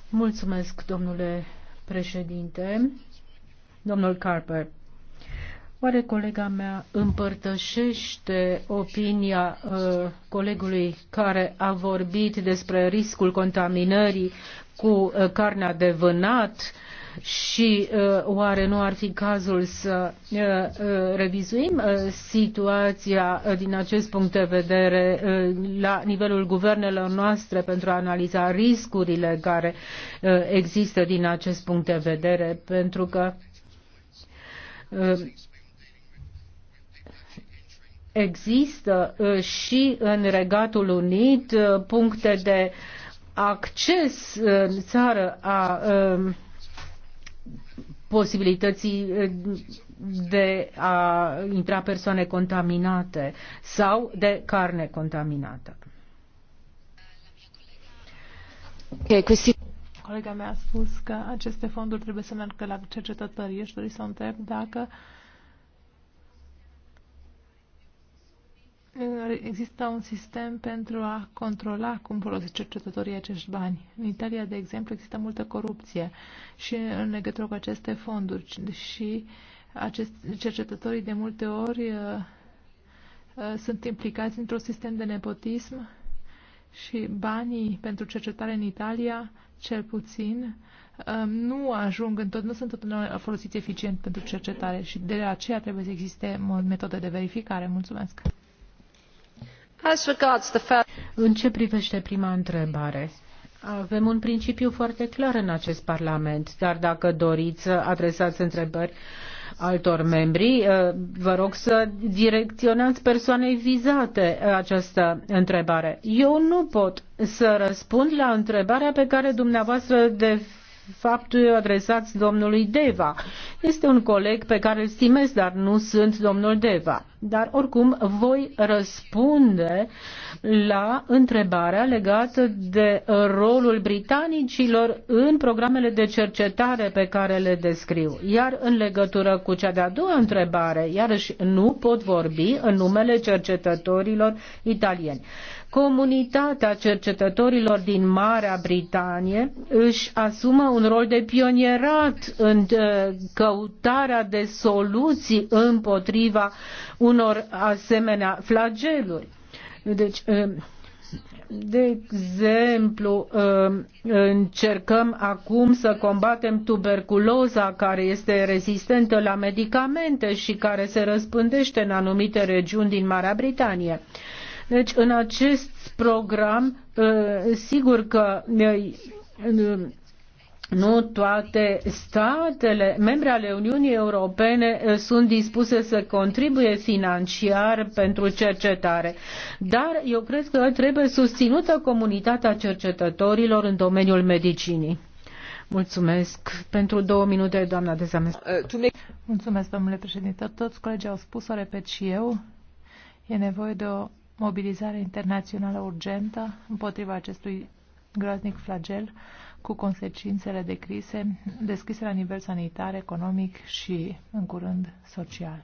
Mulțumesc, domnule președinte. Domnul Carper, oare colega mea împărtășește opinia uh, colegului care a vorbit despre riscul contaminării cu uh, carnea de vânat? Și uh, oare nu ar fi cazul să uh, uh, revizuim situația din acest punct de vedere la nivelul guvernelor noastre pentru a analiza riscurile care există din acest punct de vedere? Pentru că există și în Regatul Unit puncte de acces în țară a posibilității de a intra persoane contaminate sau de carne contaminată. Colega mea a spus că aceste fonduri trebuie să meargă la cercetători. Ești dori să întreb dacă există un sistem pentru a controla cum folosesc cercetătorii acești bani. În Italia, de exemplu, există multă corupție și în legătură cu aceste fonduri și acest, cercetătorii de multe ori uh, uh, sunt implicați într-un sistem de nepotism și banii pentru cercetare în Italia, cel puțin, um, nu ajung în tot, nu sunt întotdeauna folosiți eficient pentru cercetare și de aceea trebuie să existe metode de verificare. Mulțumesc! În ce privește prima întrebare, avem un principiu foarte clar în acest Parlament, dar dacă doriți să adresați întrebări altor membri, eh, vă rog să direcționați persoanei vizate această întrebare. Eu nu pot să răspund la întrebarea pe care dumneavoastră de faptul adresați domnului Deva. Este un coleg pe care îl stimez, dar nu sunt domnul Deva. Dar oricum voi răspunde la întrebarea legată de rolul britanicilor în programele de cercetare pe care le descriu. Iar în legătură cu cea de-a doua întrebare, iarăși nu pot vorbi în numele cercetătorilor italieni comunitatea cercetătorilor din Marea Britanie își asumă un rol de pionierat în uh, căutarea de soluții împotriva unor asemenea flageluri. Deci, uh, de exemplu, uh, încercăm acum să combatem tuberculoza care este rezistentă la medicamente și care se răspândește în anumite regiuni din Marea Britanie. Deci, în acest program, uh, sigur că uh, nu toate statele membre ale Uniunii Europene uh, sunt dispuse să contribuie financiar pentru cercetare, dar eu cred că trebuie susținută comunitatea cercetătorilor în domeniul medicinii. Mulțumesc pentru două minute, doamna Dezamescu. Mulțumesc, domnule președinte. Toți colegii au spus, o repet și eu, e nevoie de o mobilizare internațională urgentă împotriva acestui groaznic flagel cu consecințele de crise deschise la nivel sanitar, economic și, în curând, social.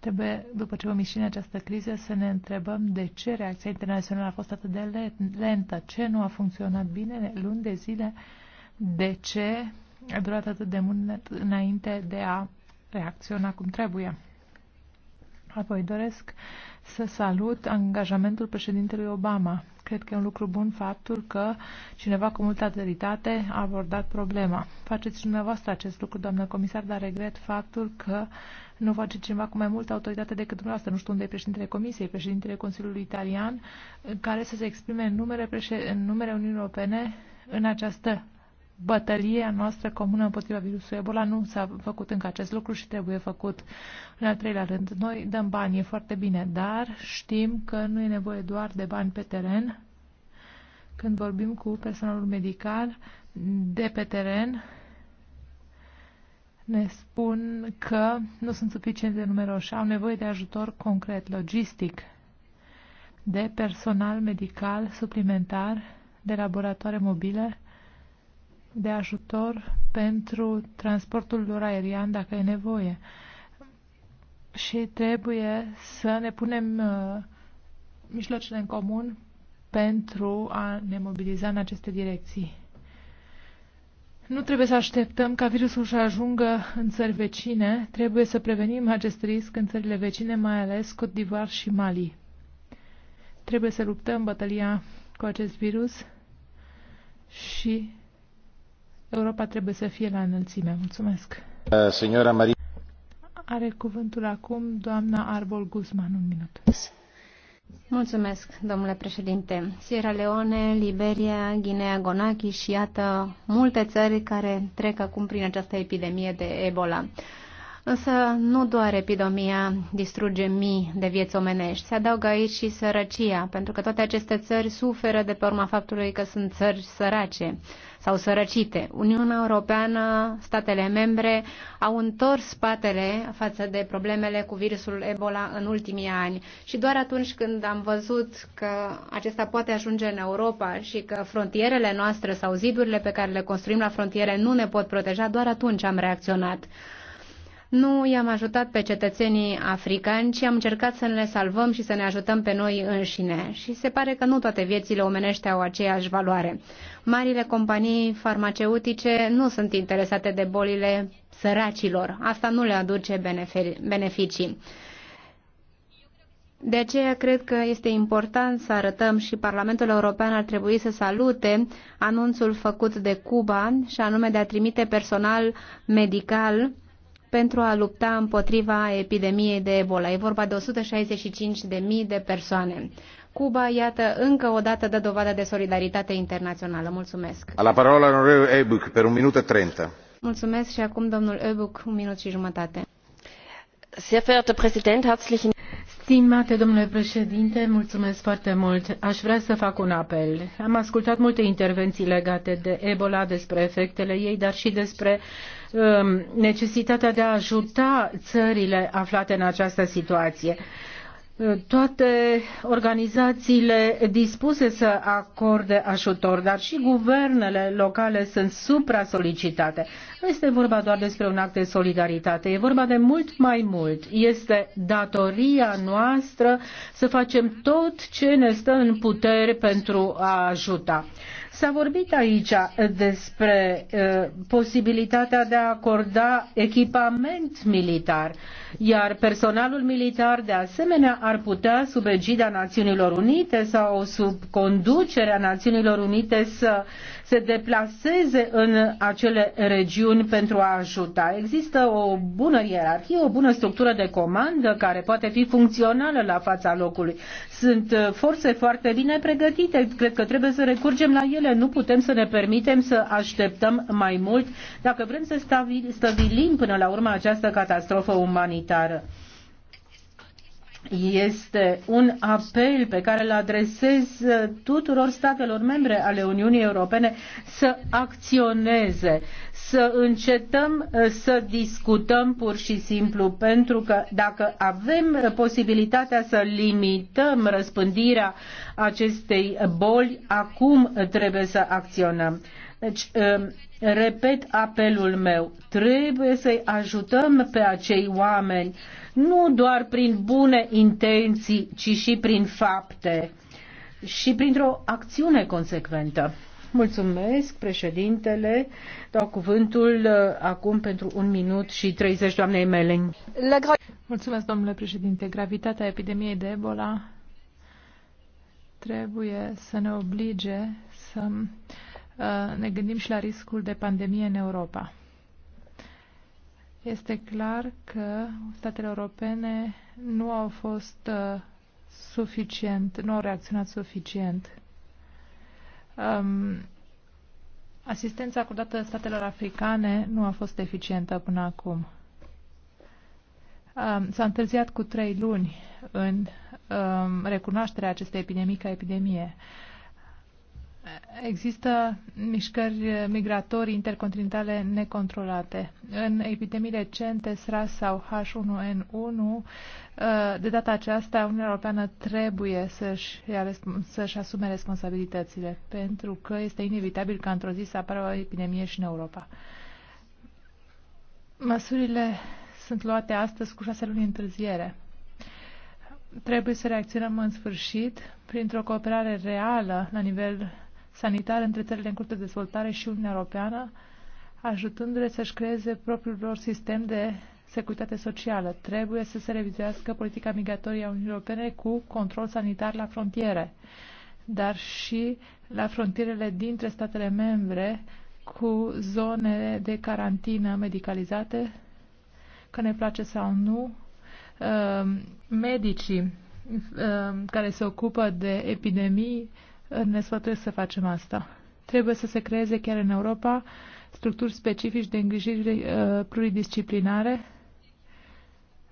Trebuie, după ce vom ieși în această criză, să ne întrebăm de ce reacția internațională a fost atât de lentă, ce nu a funcționat bine luni de zile, de ce a durat atât de mult înainte de a reacționa cum trebuie. Apoi doresc să salut angajamentul președintelui Obama. Cred că e un lucru bun faptul că cineva cu multă autoritate a abordat problema. Faceți și dumneavoastră acest lucru, doamnă comisar, dar regret faptul că nu face cineva cu mai multă autoritate decât dumneavoastră. Nu știu unde e președintele Comisiei, președintele Consiliului Italian, care să se exprime în numele, președ... în numele Uniunii Europene în această bătălia noastră comună împotriva virusului Ebola nu s-a făcut încă acest lucru și trebuie făcut în al treilea rând. Noi dăm bani, e foarte bine, dar știm că nu e nevoie doar de bani pe teren. Când vorbim cu personalul medical de pe teren, ne spun că nu sunt suficient de numeroși, au nevoie de ajutor concret, logistic, de personal medical suplimentar, de laboratoare mobile, de ajutor pentru transportul lor aerian dacă e nevoie. Și trebuie să ne punem uh, mijloacele în comun pentru a ne mobiliza în aceste direcții. Nu trebuie să așteptăm ca virusul să ajungă în țări vecine, trebuie să prevenim acest risc în țările vecine, mai ales Côte d'Ivoire și Mali. Trebuie să luptăm bătălia cu acest virus și Europa trebuie să fie la înălțime. Mulțumesc. Uh, Signora Maria. Are cuvântul acum doamna Arbol Guzman, un minut. Mulțumesc, domnule președinte. Sierra Leone, Liberia, Guinea Gonaki și iată multe țări care trec acum prin această epidemie de Ebola. Însă nu doar epidemia distruge mii de vieți omenești, se adaugă aici și sărăcia, pentru că toate aceste țări suferă de pe urma faptului că sunt țări sărace sau sărăcite. Uniunea Europeană, statele membre au întors spatele față de problemele cu virusul Ebola în ultimii ani și doar atunci când am văzut că acesta poate ajunge în Europa și că frontierele noastre sau zidurile pe care le construim la frontiere nu ne pot proteja, doar atunci am reacționat. Nu i-am ajutat pe cetățenii africani, ci am încercat să ne salvăm și să ne ajutăm pe noi înșine. Și se pare că nu toate viețile omenești au aceeași valoare. Marile companii farmaceutice nu sunt interesate de bolile săracilor. Asta nu le aduce beneficii. De aceea cred că este important să arătăm și Parlamentul European ar trebui să salute anunțul făcut de Cuba și anume de a trimite personal medical pentru a lupta împotriva epidemiei de Ebola. E vorba de 165.000 de persoane. Cuba, iată, încă o dată dă dovadă de solidaritate internațională. Mulțumesc. La parola onoreu Ebuc, pe un minut 30. Mulțumesc și acum domnul Ebuc, un minut și jumătate. Sehr verehrter Präsident, herzlichen Stimate domnule președinte, mulțumesc foarte mult. Aș vrea să fac un apel. Am ascultat multe intervenții legate de Ebola, despre efectele ei, dar și despre uh, Um, necesitatea de a ajuta țările aflate în această situație. Uh, toate organizațiile dispuse să acorde ajutor, dar și guvernele locale sunt supra-solicitate. Nu este vorba doar despre un act de solidaritate, e vorba de mult mai mult. Este datoria noastră să facem tot ce ne stă în putere pentru a ajuta. S-a vorbit aici despre uh, posibilitatea de a acorda echipament militar, iar personalul militar de asemenea ar putea sub egida Națiunilor Unite sau sub conducerea Națiunilor Unite să se deplaseze în acele regiuni pentru a ajuta. Există o bună ierarhie, o bună structură de comandă care poate fi funcțională la fața locului. Sunt uh, forțe foarte bine pregătite, cred că trebuie să recurgem la ele, nu putem să ne permitem să așteptăm mai mult dacă vrem să stabilim până la urmă această catastrofă umanitară este un apel pe care îl adresez tuturor statelor membre ale Uniunii Europene să acționeze, să încetăm să discutăm pur și simplu, pentru că dacă avem posibilitatea să limităm răspândirea acestei boli, acum trebuie să acționăm. Deci, um, repet apelul meu, trebuie să-i ajutăm pe acei oameni nu doar prin bune intenții, ci și prin fapte și printr-o acțiune consecventă. Mulțumesc, președintele. Dau cuvântul uh, acum pentru un minut și 30, doamnei Meleng. Mulțumesc, domnule președinte. Gravitatea epidemiei de Ebola trebuie să ne oblige să uh, ne gândim și la riscul de pandemie în Europa. Este clar că statele europene nu au fost uh, suficient, nu au reacționat suficient. Um, asistența acordată statelor africane nu a fost eficientă până acum. Um, s-a întârziat cu trei luni în um, recunoașterea acestei epidemii ca epidemie. Uh, există mișcări migratorii intercontinentale necontrolate. În epidemii recente, SRAS sau H1N1, de data aceasta, Uniunea Europeană trebuie să-și, să-și asume responsabilitățile, pentru că este inevitabil ca într-o zi să apară o epidemie și în Europa. Măsurile sunt luate astăzi cu șase luni întârziere trebuie să reacționăm în sfârșit printr-o cooperare reală la nivel sanitar între țările în curte de dezvoltare și Uniunea Europeană, ajutându-le să-și creeze propriul lor sistem de securitate socială. Trebuie să se revizuiască politica migratorie a Uniunii Europene cu control sanitar la frontiere, dar și la frontierele dintre statele membre cu zone de carantină medicalizate, că ne place sau nu, uh, medicii uh, care se ocupă de epidemii ne sfătuiesc să facem asta. Trebuie să se creeze chiar în Europa structuri specifici de îngrijiri uh, pluridisciplinare.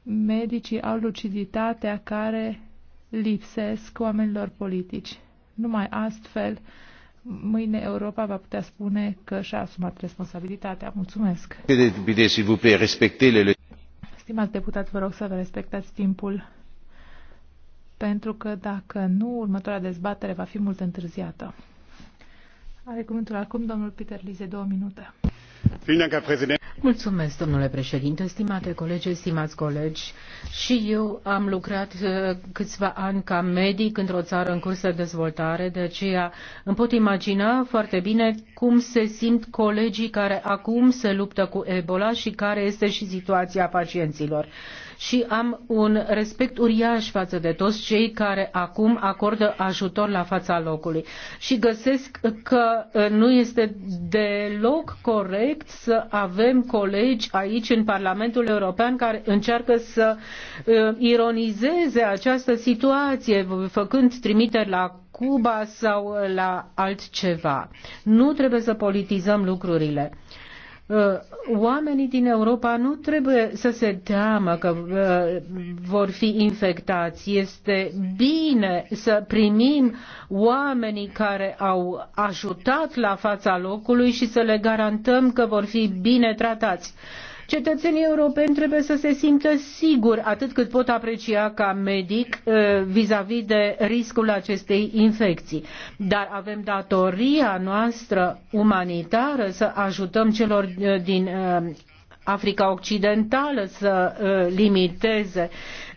Medicii au luciditatea care lipsesc oamenilor politici. Numai astfel, mâine Europa va putea spune că și-a asumat responsabilitatea. Mulțumesc! Stimați deputat, vă rog să vă respectați timpul pentru că dacă nu, următoarea dezbatere va fi mult întârziată. Are cuvântul acum domnul Peter Lize, două minute. Mulțumesc, domnule președinte, stimate colegi, stimați colegi. Și eu am lucrat uh, câțiva ani ca medic într-o țară în curs de dezvoltare, de aceea îmi pot imagina foarte bine cum se simt colegii care acum se luptă cu Ebola și care este și situația pacienților și am un respect uriaș față de toți cei care acum acordă ajutor la fața locului. Și găsesc că uh, nu este deloc corect să avem colegi aici în Parlamentul European care încearcă să uh, ironizeze această situație, făcând trimiteri la Cuba sau la altceva. Nu trebuie să politizăm lucrurile. Uh, oamenii din Europa nu trebuie să se teamă că uh, vor fi infectați. Este bine să primim oamenii care au ajutat la fața locului și să le garantăm că vor fi bine tratați. Cetățenii europeni trebuie să se simtă siguri atât cât pot aprecia ca medic uh, vis-a-vis de riscul acestei infecții. Dar avem datoria noastră umanitară să ajutăm celor uh, din uh, Africa Occidentală să limiteze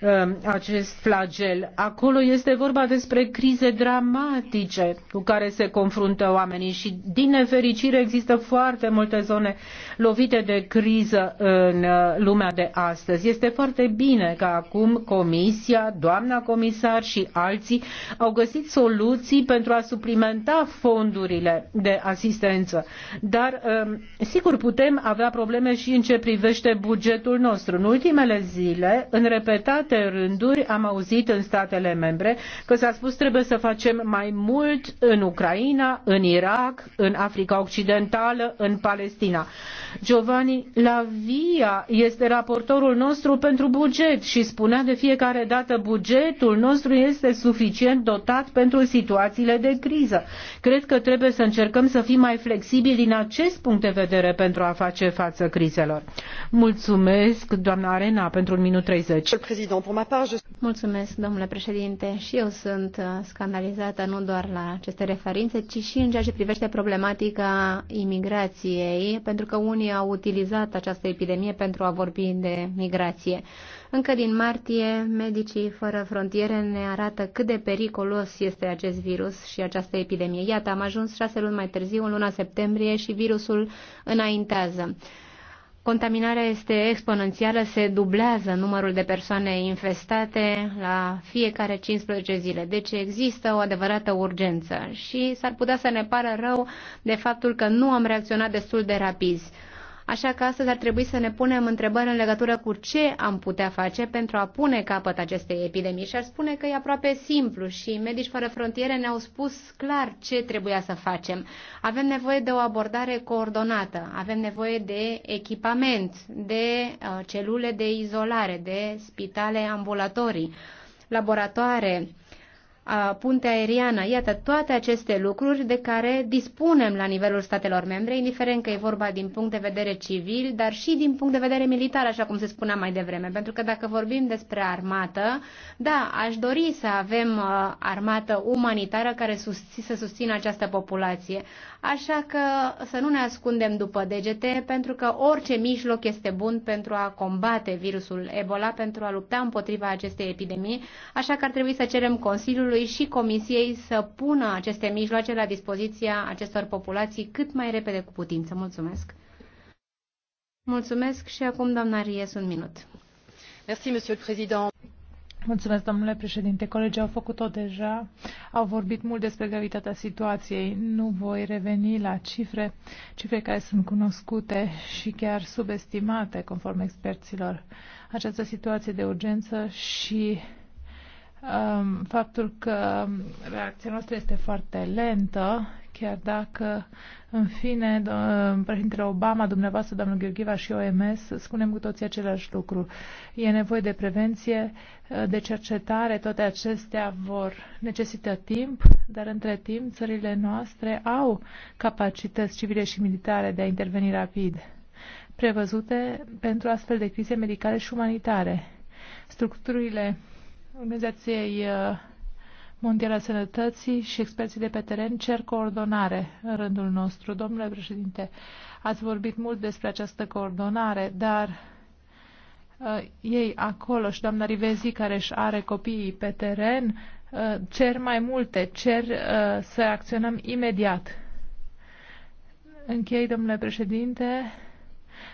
Um, acest flagel. Acolo este vorba despre crize dramatice cu care se confruntă oamenii și, din nefericire, există foarte multe zone lovite de criză în uh, lumea de astăzi. Este foarte bine că acum Comisia, doamna comisar și alții au găsit soluții pentru a suplimenta fondurile de asistență. Dar, um, sigur, putem avea probleme și în ce privește bugetul nostru. În ultimele zile, în repetate multe rânduri am auzit în statele membre că s-a spus trebuie să facem mai mult în Ucraina, în Irak, în Africa Occidentală, în Palestina. Giovanni Lavia este raportorul nostru pentru buget și spunea de fiecare dată bugetul nostru este suficient dotat pentru situațiile de criză. Cred că trebuie să încercăm să fim mai flexibili din acest punct de vedere pentru a face față crizelor. Mulțumesc, doamna Arena, pentru un minut 30. Mulțumesc, domnule președinte. Și eu sunt uh, scandalizată nu doar la aceste referințe, ci și în ceea ce privește problematica imigrației, pentru că unii au utilizat această epidemie pentru a vorbi de migrație. Încă din martie, Medicii Fără Frontiere ne arată cât de periculos este acest virus și această epidemie. Iată, am ajuns șase luni mai târziu, în luna septembrie, și virusul înaintează. Contaminarea este exponențială, se dublează numărul de persoane infestate la fiecare 15 zile, deci există o adevărată urgență și s-ar putea să ne pară rău de faptul că nu am reacționat destul de rapid. Așa că astăzi ar trebui să ne punem întrebări în legătură cu ce am putea face pentru a pune capăt acestei epidemii. Și ar spune că e aproape simplu și Medici Fără Frontiere ne-au spus clar ce trebuia să facem. Avem nevoie de o abordare coordonată, avem nevoie de echipament, de uh, celule de izolare, de spitale ambulatorii, laboratoare, puntea aeriană. Iată, toate aceste lucruri de care dispunem la nivelul statelor membre, indiferent că e vorba din punct de vedere civil, dar și din punct de vedere militar, așa cum se spunea mai devreme. Pentru că dacă vorbim despre armată, da, aș dori să avem uh, armată umanitară care sus- să susțină această populație. Așa că să nu ne ascundem după degete, pentru că orice mijloc este bun pentru a combate virusul Ebola, pentru a lupta împotriva acestei epidemii, așa că ar trebui să cerem Consiliului și Comisiei să pună aceste mijloace la dispoziția acestor populații cât mai repede cu putință. Mulțumesc! Mulțumesc și acum doamna Ries un minut. Merci, Monsieur le Président. Mulțumesc, domnule președinte. Colegii au făcut-o deja, au vorbit mult despre gravitatea situației. Nu voi reveni la cifre, cifre care sunt cunoscute și chiar subestimate, conform experților. Această situație de urgență și um, faptul că reacția noastră este foarte lentă chiar dacă, în fine, președintele Obama, dumneavoastră, domnul Gheorgheva și OMS, spunem cu toții același lucru. E nevoie de prevenție, de cercetare, toate acestea vor necesită timp, dar între timp țările noastre au capacități civile și militare de a interveni rapid, prevăzute pentru astfel de crize medicale și umanitare. Structurile Organizației uh, Mondială a Sănătății și experții de pe teren cer coordonare în rândul nostru. Domnule președinte, ați vorbit mult despre această coordonare, dar uh, ei acolo și doamna Rivezi, care își are copiii pe teren, uh, cer mai multe, cer uh, să acționăm imediat. Închei, domnule președinte,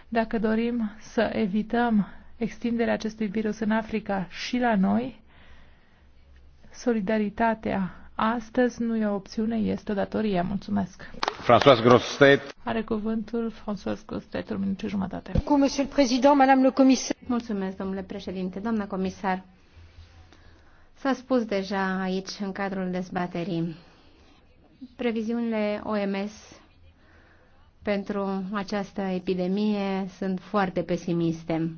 dacă dorim să evităm extinderea acestui virus în Africa și la noi, Solidaritatea astăzi nu e o opțiune, este o datorie. Mulțumesc. François Grostet. Are cuvântul François Grostet, un minut și jumătate. Mulțumesc, domnule președinte, doamna comisar. S-a spus deja aici, în cadrul dezbaterii, previziunile OMS pentru această epidemie sunt foarte pesimiste.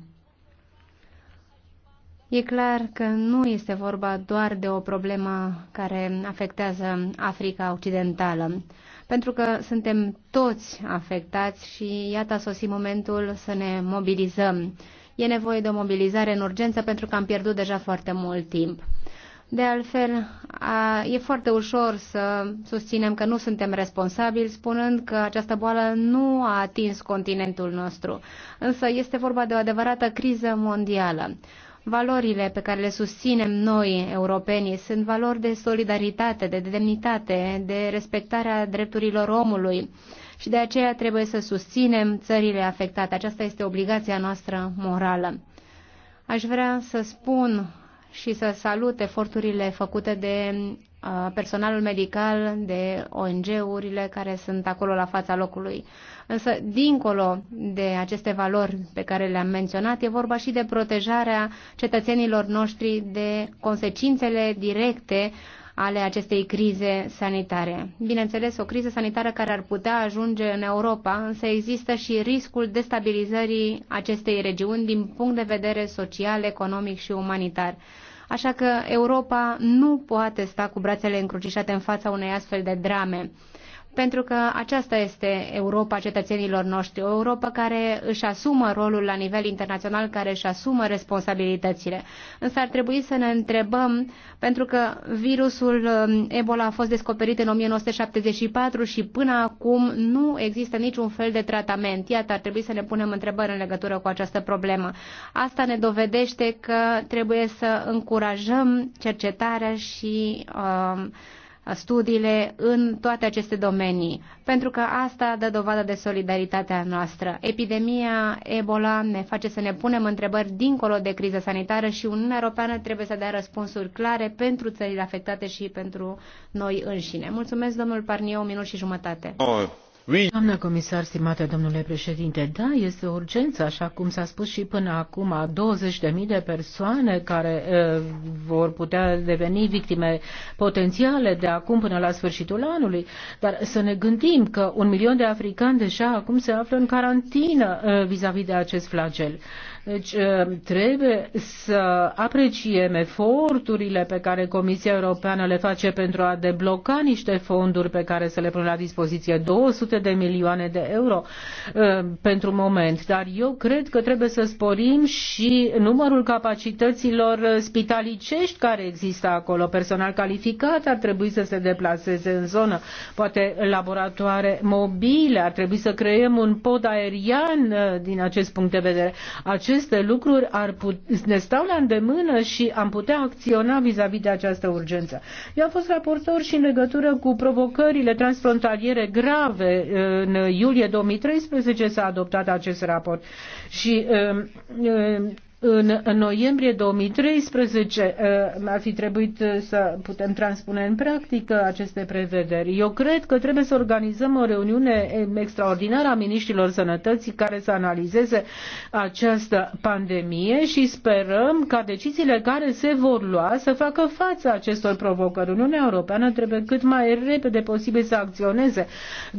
E clar că nu este vorba doar de o problemă care afectează Africa Occidentală, pentru că suntem toți afectați și iată a sosit momentul să ne mobilizăm. E nevoie de o mobilizare în urgență pentru că am pierdut deja foarte mult timp. De altfel, a, e foarte ușor să susținem că nu suntem responsabili, spunând că această boală nu a atins continentul nostru. Însă este vorba de o adevărată criză mondială. Valorile pe care le susținem noi, europenii, sunt valori de solidaritate, de demnitate, de respectarea drepturilor omului și de aceea trebuie să susținem țările afectate. Aceasta este obligația noastră morală. Aș vrea să spun și să salut eforturile făcute de uh, personalul medical, de ONG-urile care sunt acolo la fața locului. Însă, dincolo de aceste valori pe care le-am menționat, e vorba și de protejarea cetățenilor noștri de consecințele directe ale acestei crize sanitare. Bineînțeles, o criză sanitară care ar putea ajunge în Europa, însă există și riscul destabilizării acestei regiuni din punct de vedere social, economic și umanitar. Așa că Europa nu poate sta cu brațele încrucișate în fața unei astfel de drame pentru că aceasta este Europa cetățenilor noștri, o Europa care își asumă rolul la nivel internațional, care își asumă responsabilitățile. Însă ar trebui să ne întrebăm, pentru că virusul um, Ebola a fost descoperit în 1974 și până acum nu există niciun fel de tratament. Iată, ar trebui să ne punem întrebări în legătură cu această problemă. Asta ne dovedește că trebuie să încurajăm cercetarea și uh, studiile în toate aceste domenii, pentru că asta dă dovadă de solidaritatea noastră. Epidemia Ebola ne face să ne punem întrebări dincolo de criza sanitară și Uniunea Europeană trebuie să dea răspunsuri clare pentru țările afectate și pentru noi înșine. Mulțumesc, domnul o minut și jumătate. Oh. Doamna comisar, stimate domnule președinte, da, este o urgență, așa cum s-a spus și până acum, 20.000 de persoane care uh, vor putea deveni victime potențiale de acum până la sfârșitul anului, dar să ne gândim că un milion de africani deja acum se află în carantină a vis uh, vis de acest flagel. Uh, deci ă, trebuie să apreciem eforturile pe care Comisia Europeană le face pentru a debloca niște fonduri pe care să le pună la dispoziție 200 de milioane de euro ă, pentru moment, dar eu cred că trebuie să sporim și numărul capacităților spitalicești care există acolo. Personal calificat ar trebui să se deplaseze în zonă, poate laboratoare mobile, ar trebui să creăm un pod aerian ă, din acest punct de vedere. Acest aceste lucruri ar put- ne stau la îndemână și am putea acționa vis-a-vis -vis de această urgență. Eu am fost raportor și în legătură cu provocările transfrontaliere grave. În iulie 2013 s-a adoptat acest raport și um, um, în, în noiembrie 2013 uh, ar fi trebuit uh, să putem transpune în practică aceste prevederi. Eu cred că trebuie să organizăm o reuniune extraordinară a miniștrilor sănătății care să analizeze această pandemie și sperăm ca deciziile care se vor lua să facă față acestor provocări. Uniunea Europeană trebuie cât mai repede posibil să acționeze.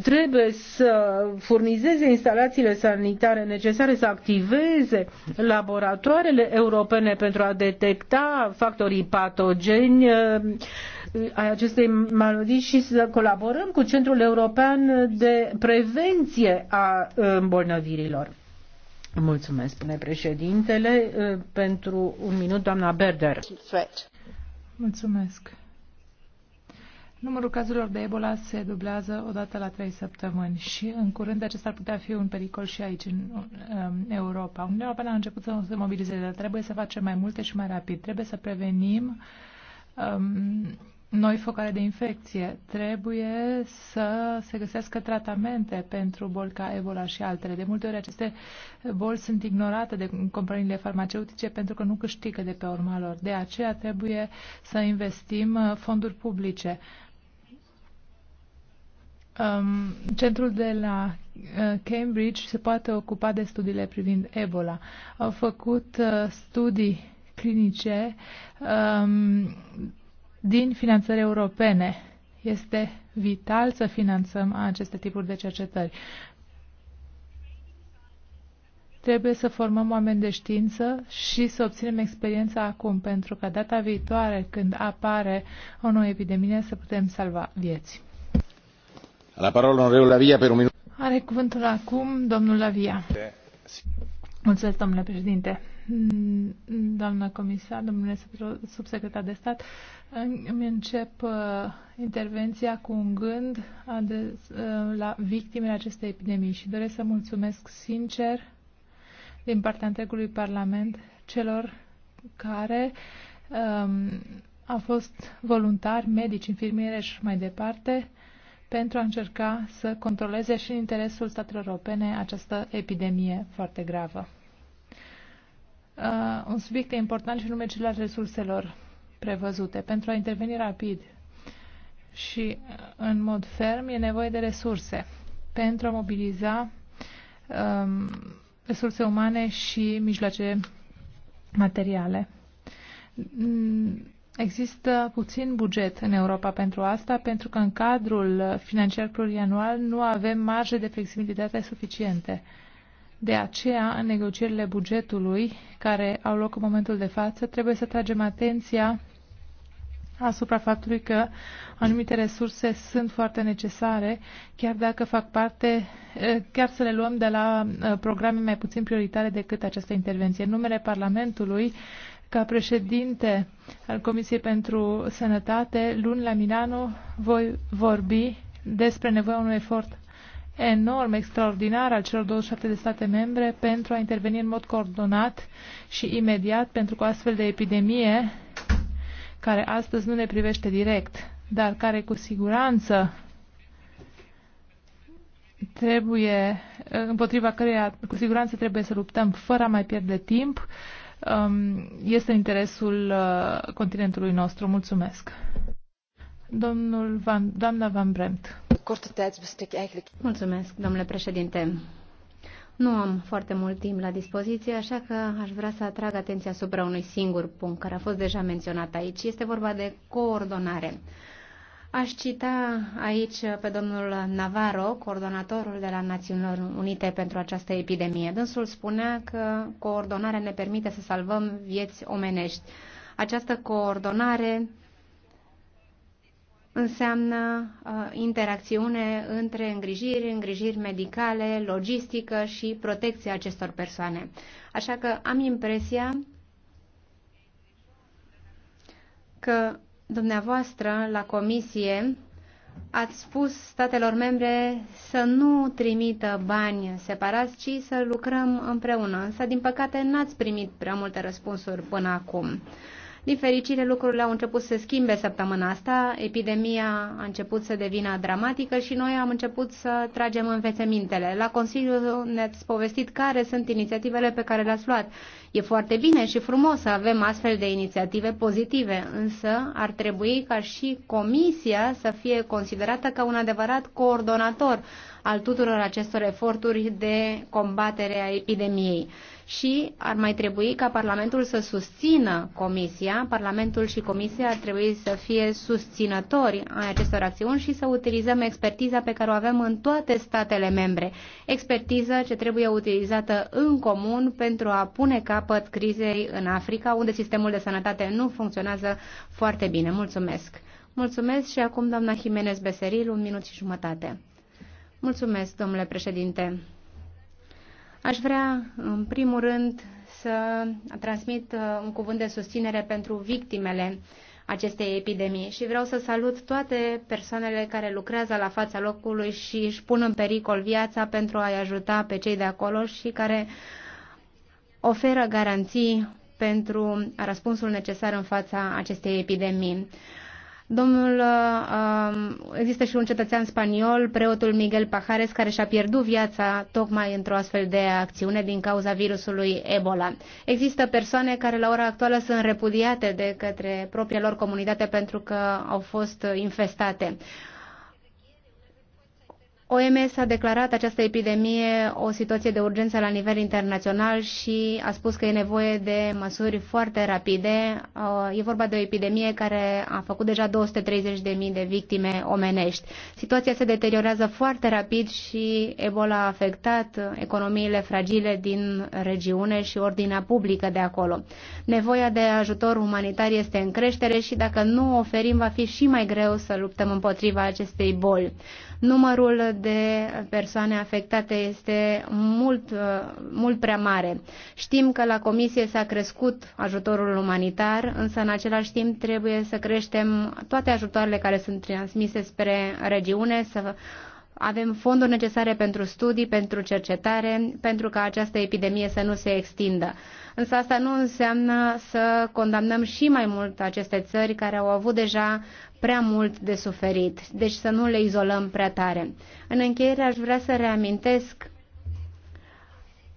Trebuie să furnizeze instalațiile sanitare necesare, să activeze laboratoare laboratoarele europene pentru a detecta factorii patogeni uh, ai acestei maladii și să colaborăm cu Centrul European de Prevenție a îmbolnăvirilor. Mulțumesc, spune președintele. Uh, pentru un minut, doamna Berder. Mulțumesc. Numărul cazurilor de Ebola se dublează odată la trei săptămâni și în curând acesta ar putea fi un pericol și aici, în um, Europa. Uniunea Europeană a început să se mobilizeze, dar trebuie să facem mai multe și mai rapid. Trebuie să prevenim um, noi focare de infecție. Trebuie să se găsească tratamente pentru boli ca Ebola și altele. De multe ori aceste boli sunt ignorate de companiile farmaceutice pentru că nu câștigă de pe urma lor. De aceea trebuie să investim uh, fonduri publice um, centrul de la uh, Cambridge se poate ocupa de studiile privind Ebola. Au făcut uh, studii clinice um, din finanțări europene. Este vital să finanțăm aceste tipuri de cercetări. Trebuie să formăm oameni de știință și să obținem experiența acum, pentru că data viitoare, când apare o nouă epidemie, să putem salva vieți cuvântul acum domnul domnule președinte. doamnă comisar, domnule subsecretar de stat, îmi încep uh, intervenția cu un gând uh, la victimele acestei epidemii și doresc să mulțumesc sincer din partea întregului Parlament celor care um, au fost voluntari, medici, infirmiere și mai departe, pentru a încerca să controleze și în interesul statelor europene această epidemie foarte gravă. Uh, un subiect important și nume cel al resurselor prevăzute. Pentru a interveni rapid și uh, în mod ferm e nevoie de resurse pentru a mobiliza um, resurse umane și mijloace materiale. Există puțin buget în Europa pentru asta, pentru că în cadrul financiar plurianual nu avem marge de flexibilitate suficiente. De aceea, în negocierile bugetului care au loc în momentul de față, trebuie să tragem atenția asupra faptului că anumite resurse sunt foarte necesare, chiar dacă fac parte, chiar să le luăm de la programe mai puțin prioritare decât această intervenție. numele Parlamentului ca președinte al Comisiei pentru Sănătate, luni la Milano voi vorbi despre nevoia unui efort enorm, extraordinar al celor 27 de state membre pentru a interveni în mod coordonat și imediat pentru că o astfel de epidemie care astăzi nu ne privește direct, dar care cu siguranță trebuie, împotriva căreia cu siguranță trebuie să luptăm fără a mai pierde timp, Um, este în interesul uh, continentului nostru. Mulțumesc. Domnul Van, doamna Van Bremt. Mulțumesc, domnule președinte. Nu am foarte mult timp la dispoziție, așa că aș vrea să atrag atenția asupra unui singur punct care a fost deja menționat aici. Este vorba de coordonare. Aș cita aici pe domnul Navarro, coordonatorul de la Națiunilor Unite pentru această epidemie. Dânsul spunea că coordonarea ne permite să salvăm vieți omenești. Această coordonare înseamnă uh, interacțiune între îngrijiri, îngrijiri medicale, logistică și protecția acestor persoane. Așa că am impresia că dumneavoastră la comisie ați spus statelor membre să nu trimită bani separați, ci să lucrăm împreună. Însă, din păcate, n-ați primit prea multe răspunsuri până acum. Din fericire, lucrurile au început să se schimbe săptămâna asta, epidemia a început să devină dramatică și noi am început să tragem învețămintele. La Consiliu ne-ați povestit care sunt inițiativele pe care le-ați luat. E foarte bine și frumos să avem astfel de inițiative pozitive, însă ar trebui ca și Comisia să fie considerată ca un adevărat coordonator al tuturor acestor eforturi de combatere a epidemiei. Și ar mai trebui ca Parlamentul să susțină Comisia, Parlamentul și Comisia ar trebui să fie susținători a acestor acțiuni și să utilizăm expertiza pe care o avem în toate statele membre. Expertiza ce trebuie utilizată în comun pentru a pune capăt crizei în Africa, unde sistemul de sănătate nu funcționează foarte bine. Mulțumesc! Mulțumesc și acum doamna Jimenez Beseril, un minut și jumătate. Mulțumesc, domnule președinte. Aș vrea, în primul rând, să transmit uh, un cuvânt de susținere pentru victimele acestei epidemii și vreau să salut toate persoanele care lucrează la fața locului și își pun în pericol viața pentru a-i ajuta pe cei de acolo și care oferă garanții pentru răspunsul necesar în fața acestei epidemii. Domnul, um, există și un cetățean spaniol, preotul Miguel Pajares, care și-a pierdut viața tocmai într-o astfel de acțiune din cauza virusului Ebola. Există persoane care la ora actuală sunt repudiate de către propria lor comunitate pentru că au fost infestate. OMS a declarat această epidemie o situație de urgență la nivel internațional și a spus că e nevoie de măsuri foarte rapide. Uh, e vorba de o epidemie care a făcut deja 230.000 de victime omenești. Situația se deteriorează foarte rapid și Ebola a afectat economiile fragile din regiune și ordinea publică de acolo. Nevoia de ajutor umanitar este în creștere și dacă nu oferim va fi și mai greu să luptăm împotriva acestei boli numărul de persoane afectate este mult, uh, mult prea mare. Știm că la Comisie s-a crescut ajutorul umanitar, însă în același timp trebuie să creștem toate ajutoarele care sunt transmise spre regiune, să avem fonduri necesare pentru studii, pentru cercetare, pentru ca această epidemie să nu se extindă. Însă asta nu înseamnă să condamnăm și mai mult aceste țări care au avut deja prea mult de suferit, deci să nu le izolăm prea tare. În încheiere aș vrea să reamintesc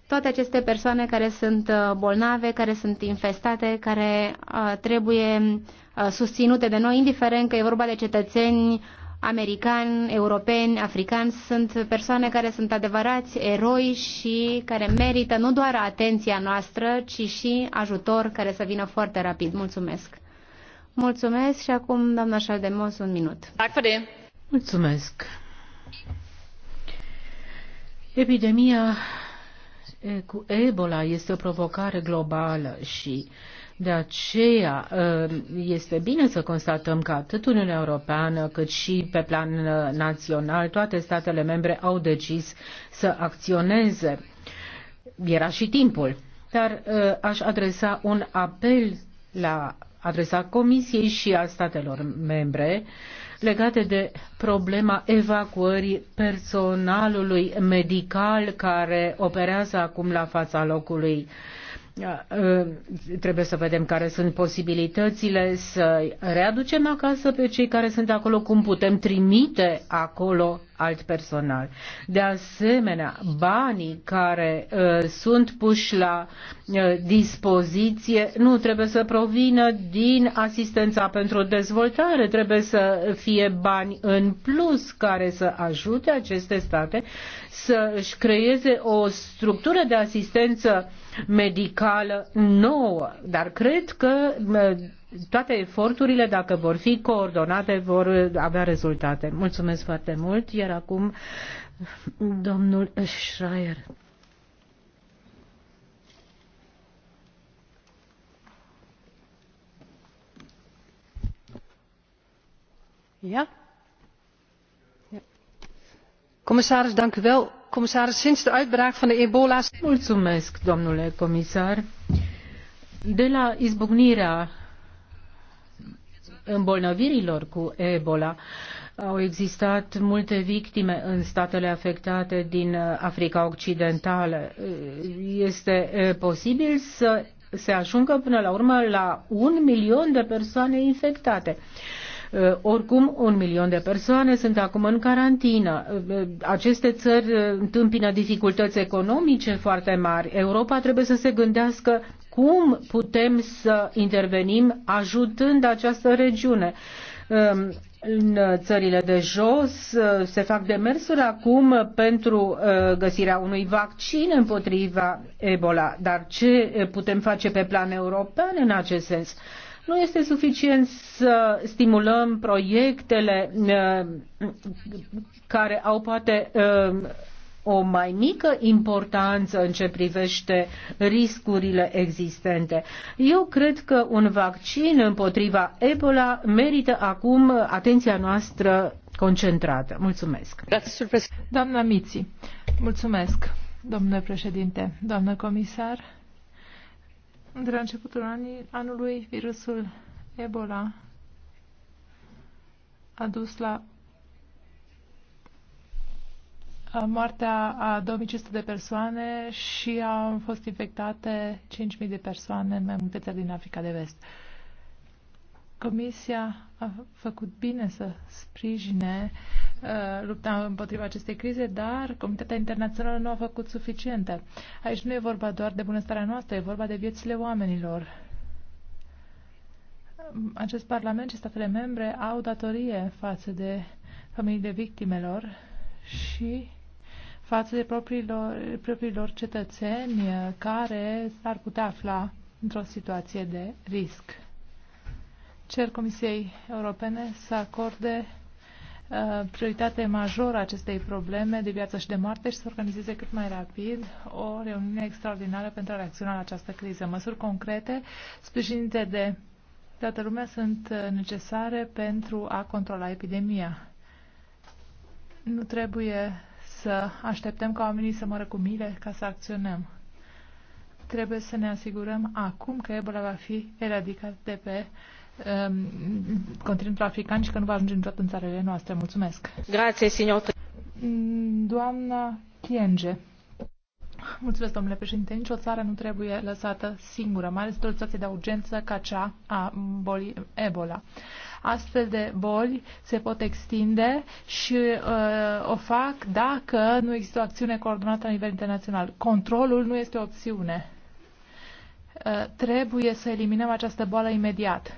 toate aceste persoane care sunt uh, bolnave, care sunt infestate, care uh, trebuie uh, susținute de noi, indiferent că e vorba de cetățeni americani, europeni, africani sunt persoane care sunt adevărați eroi și care merită nu doar atenția noastră, ci și ajutor care să vină foarte rapid. Mulțumesc! Mulțumesc și acum, doamna Șaldemos, un minut. Mulțumesc! Epidemia cu Ebola este o provocare globală și uh, de aceea uh, este bine să constatăm că atât Uniunea Europeană cât și pe plan uh, național toate statele membre au decis să acționeze. Era și timpul. Dar uh, aș adresa un apel la adresa Comisiei și a statelor membre legate de problema evacuării personalului medical care operează acum la fața locului uh, Ă, ă, trebuie să vedem care sunt posibilitățile, să readucem acasă pe cei care sunt acolo, cum putem trimite acolo alt personal. De asemenea, banii care uh, sunt puși la uh, dispoziție nu trebuie să provină din asistența pentru dezvoltare, trebuie să fie bani în plus care să ajute aceste state să își creeze o structură de asistență medicală nouă. Dar cred că uh, toate eforturile, dacă vor fi coordonate, vor avea rezultate. Mulțumesc foarte mult, iar acum domnul Schreier. Ja? Ja. Commissaris, dank u wel. Commissaris, sinds de uitbraak van de ebola... Mulțumesc, domnule comisar. De la izbucnirea îmbolnăvirilor cu Ebola. Au existat multe victime în statele afectate din Africa Occidentală. Este posibil să se ajungă până la urmă la un milion de persoane infectate. Oricum, un milion de persoane sunt acum în carantină. Aceste țări întâmpină dificultăți economice foarte mari. Europa trebuie să se gândească cum putem să intervenim ajutând această regiune. În țările de jos uh, se fac demersuri acum pentru uh, găsirea unui vaccin împotriva Ebola. Dar ce putem face pe plan european în acest sens? Nu este suficient să stimulăm proiectele uh, care au poate o mai mică importanță în ce privește riscurile existente. Eu cred că un vaccin împotriva Ebola merită acum atenția noastră concentrată. Mulțumesc. Doamna Miții, mulțumesc, domnule președinte, doamnă comisar. De la începutul anului, virusul Ebola a dus la moartea a 2500 de persoane și au fost infectate 5000 de persoane în mai multe țări din Africa de Vest. Comisia a făcut bine să sprijine uh, lupta împotriva acestei crize, dar comunitatea internațională nu a făcut suficiente. Aici nu e vorba doar de bunăstarea noastră, e vorba de viețile oamenilor. Acest Parlament și statele membre au datorie față de familiile victimelor și față de propriilor, propriilor cetățeni eh, care s-ar putea afla într-o situație de risc. Cer Comisiei Europene să acorde eh, prioritate majoră acestei probleme de viață și de moarte și să organizeze cât mai rapid o reuniune extraordinară pentru a reacționa la această criză. Măsuri concrete sprijinite de toată lumea sunt eh, necesare pentru a controla epidemia. Nu trebuie să așteptăm ca oamenii să moară cu mile ca să acționăm. Trebuie să ne asigurăm acum că Ebola va fi eradicat de pe um, continentul african și că nu va ajunge niciodată în țarele noastre. Mulțumesc! Grație, signor! Doamna Chienge. Mulțumesc, domnule președinte. Nici o țară nu trebuie lăsată singură, mai ales într-o situație de urgență ca cea a bolii Ebola. Astfel de boli se pot extinde și uh, o fac dacă nu există o acțiune coordonată la nivel internațional. Controlul nu este o opțiune. Uh, trebuie să eliminăm această boală imediat.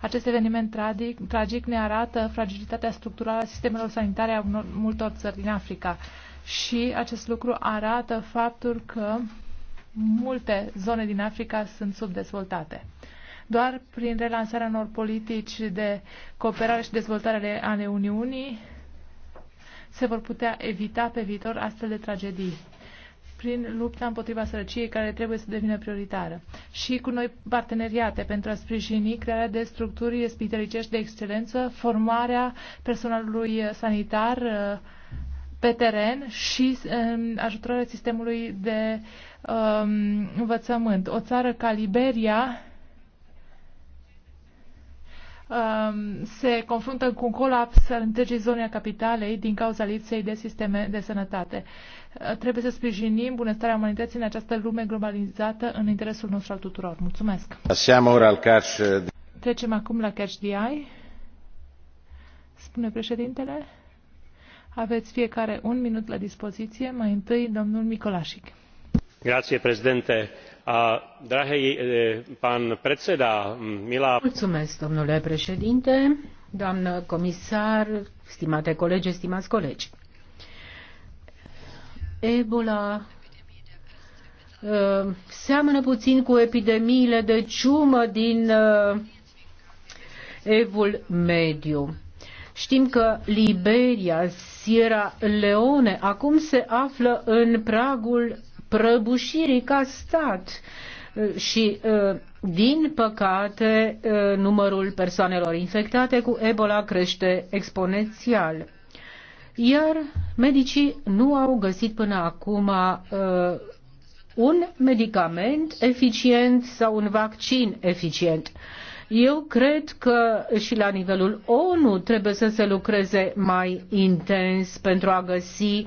Acest eveniment tragic, tragic ne arată fragilitatea structurală a sistemelor sanitare a unor, multor țări din Africa. Și acest lucru arată faptul că multe zone din Africa sunt subdezvoltate. Doar prin relansarea unor politici de cooperare și dezvoltare ale Uniunii se vor putea evita pe viitor astfel de tragedii prin lupta împotriva sărăciei care trebuie să devină prioritară și cu noi parteneriate pentru a sprijini crearea de structuri spitalicești de excelență, formarea personalului sanitar uh, pe teren și um, ajutorarea sistemului de um, învățământ. O țară ca Liberia Um, se confruntă cu un colaps al întregii zone a capitalei din cauza lipsei de sisteme de sănătate. Uh, trebuie să sprijinim bunăstarea umanității în această lume globalizată în interesul nostru al tuturor. Mulțumesc! Trecem acum la Catch the Eye. Spune președintele. Aveți fiecare un minut la dispoziție. Mai întâi, domnul Micolașic. Grazie, președinte domnule președinte doamnă comisar stimate colege stimați colegi ebola seamănă puțin cu epidemiile de ciumă din evul mediu. Știm că Liberia, Sierra Leone acum se află în pragul prăbușirii ca stat și, uh, din păcate, uh, numărul persoanelor infectate cu Ebola crește exponențial. Iar medicii nu au găsit până acum uh, un medicament eficient sau un vaccin eficient. Eu cred că și la nivelul ONU trebuie să se lucreze mai intens pentru a găsi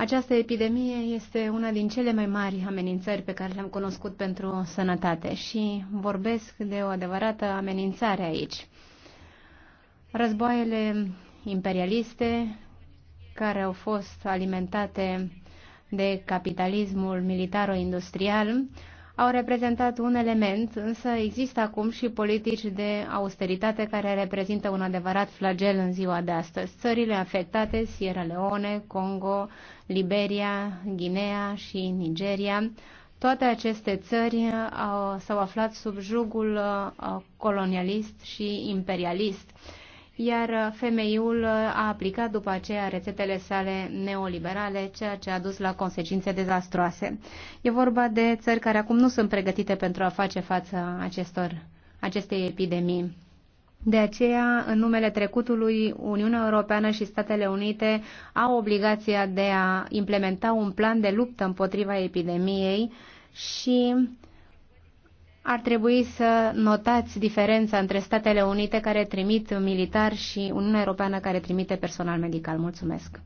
Această epidemie este una din cele mai mari amenințări pe care le-am cunoscut pentru sănătate și vorbesc de o adevărată amenințare aici. Războaiele imperialiste care au fost alimentate de capitalismul militaro-industrial au reprezentat un element, însă există acum și politici de austeritate care reprezintă un adevărat flagel în ziua de astăzi. Țările afectate, Sierra Leone, Congo, Liberia, Guinea și Nigeria. Toate aceste țări uh, s-au aflat sub jugul uh, colonialist și imperialist, iar uh, femeiul a aplicat după aceea rețetele sale neoliberale, ceea ce a dus la consecințe dezastroase. E vorba de țări care acum nu sunt pregătite pentru a face față acestor, acestei epidemii. De aceea, în numele trecutului, Uniunea Europeană și Statele Unite au obligația de a implementa un plan de luptă împotriva epidemiei și ar trebui să notați diferența între Statele Unite care trimit militar și Uniunea Europeană care trimite personal medical. Mulțumesc!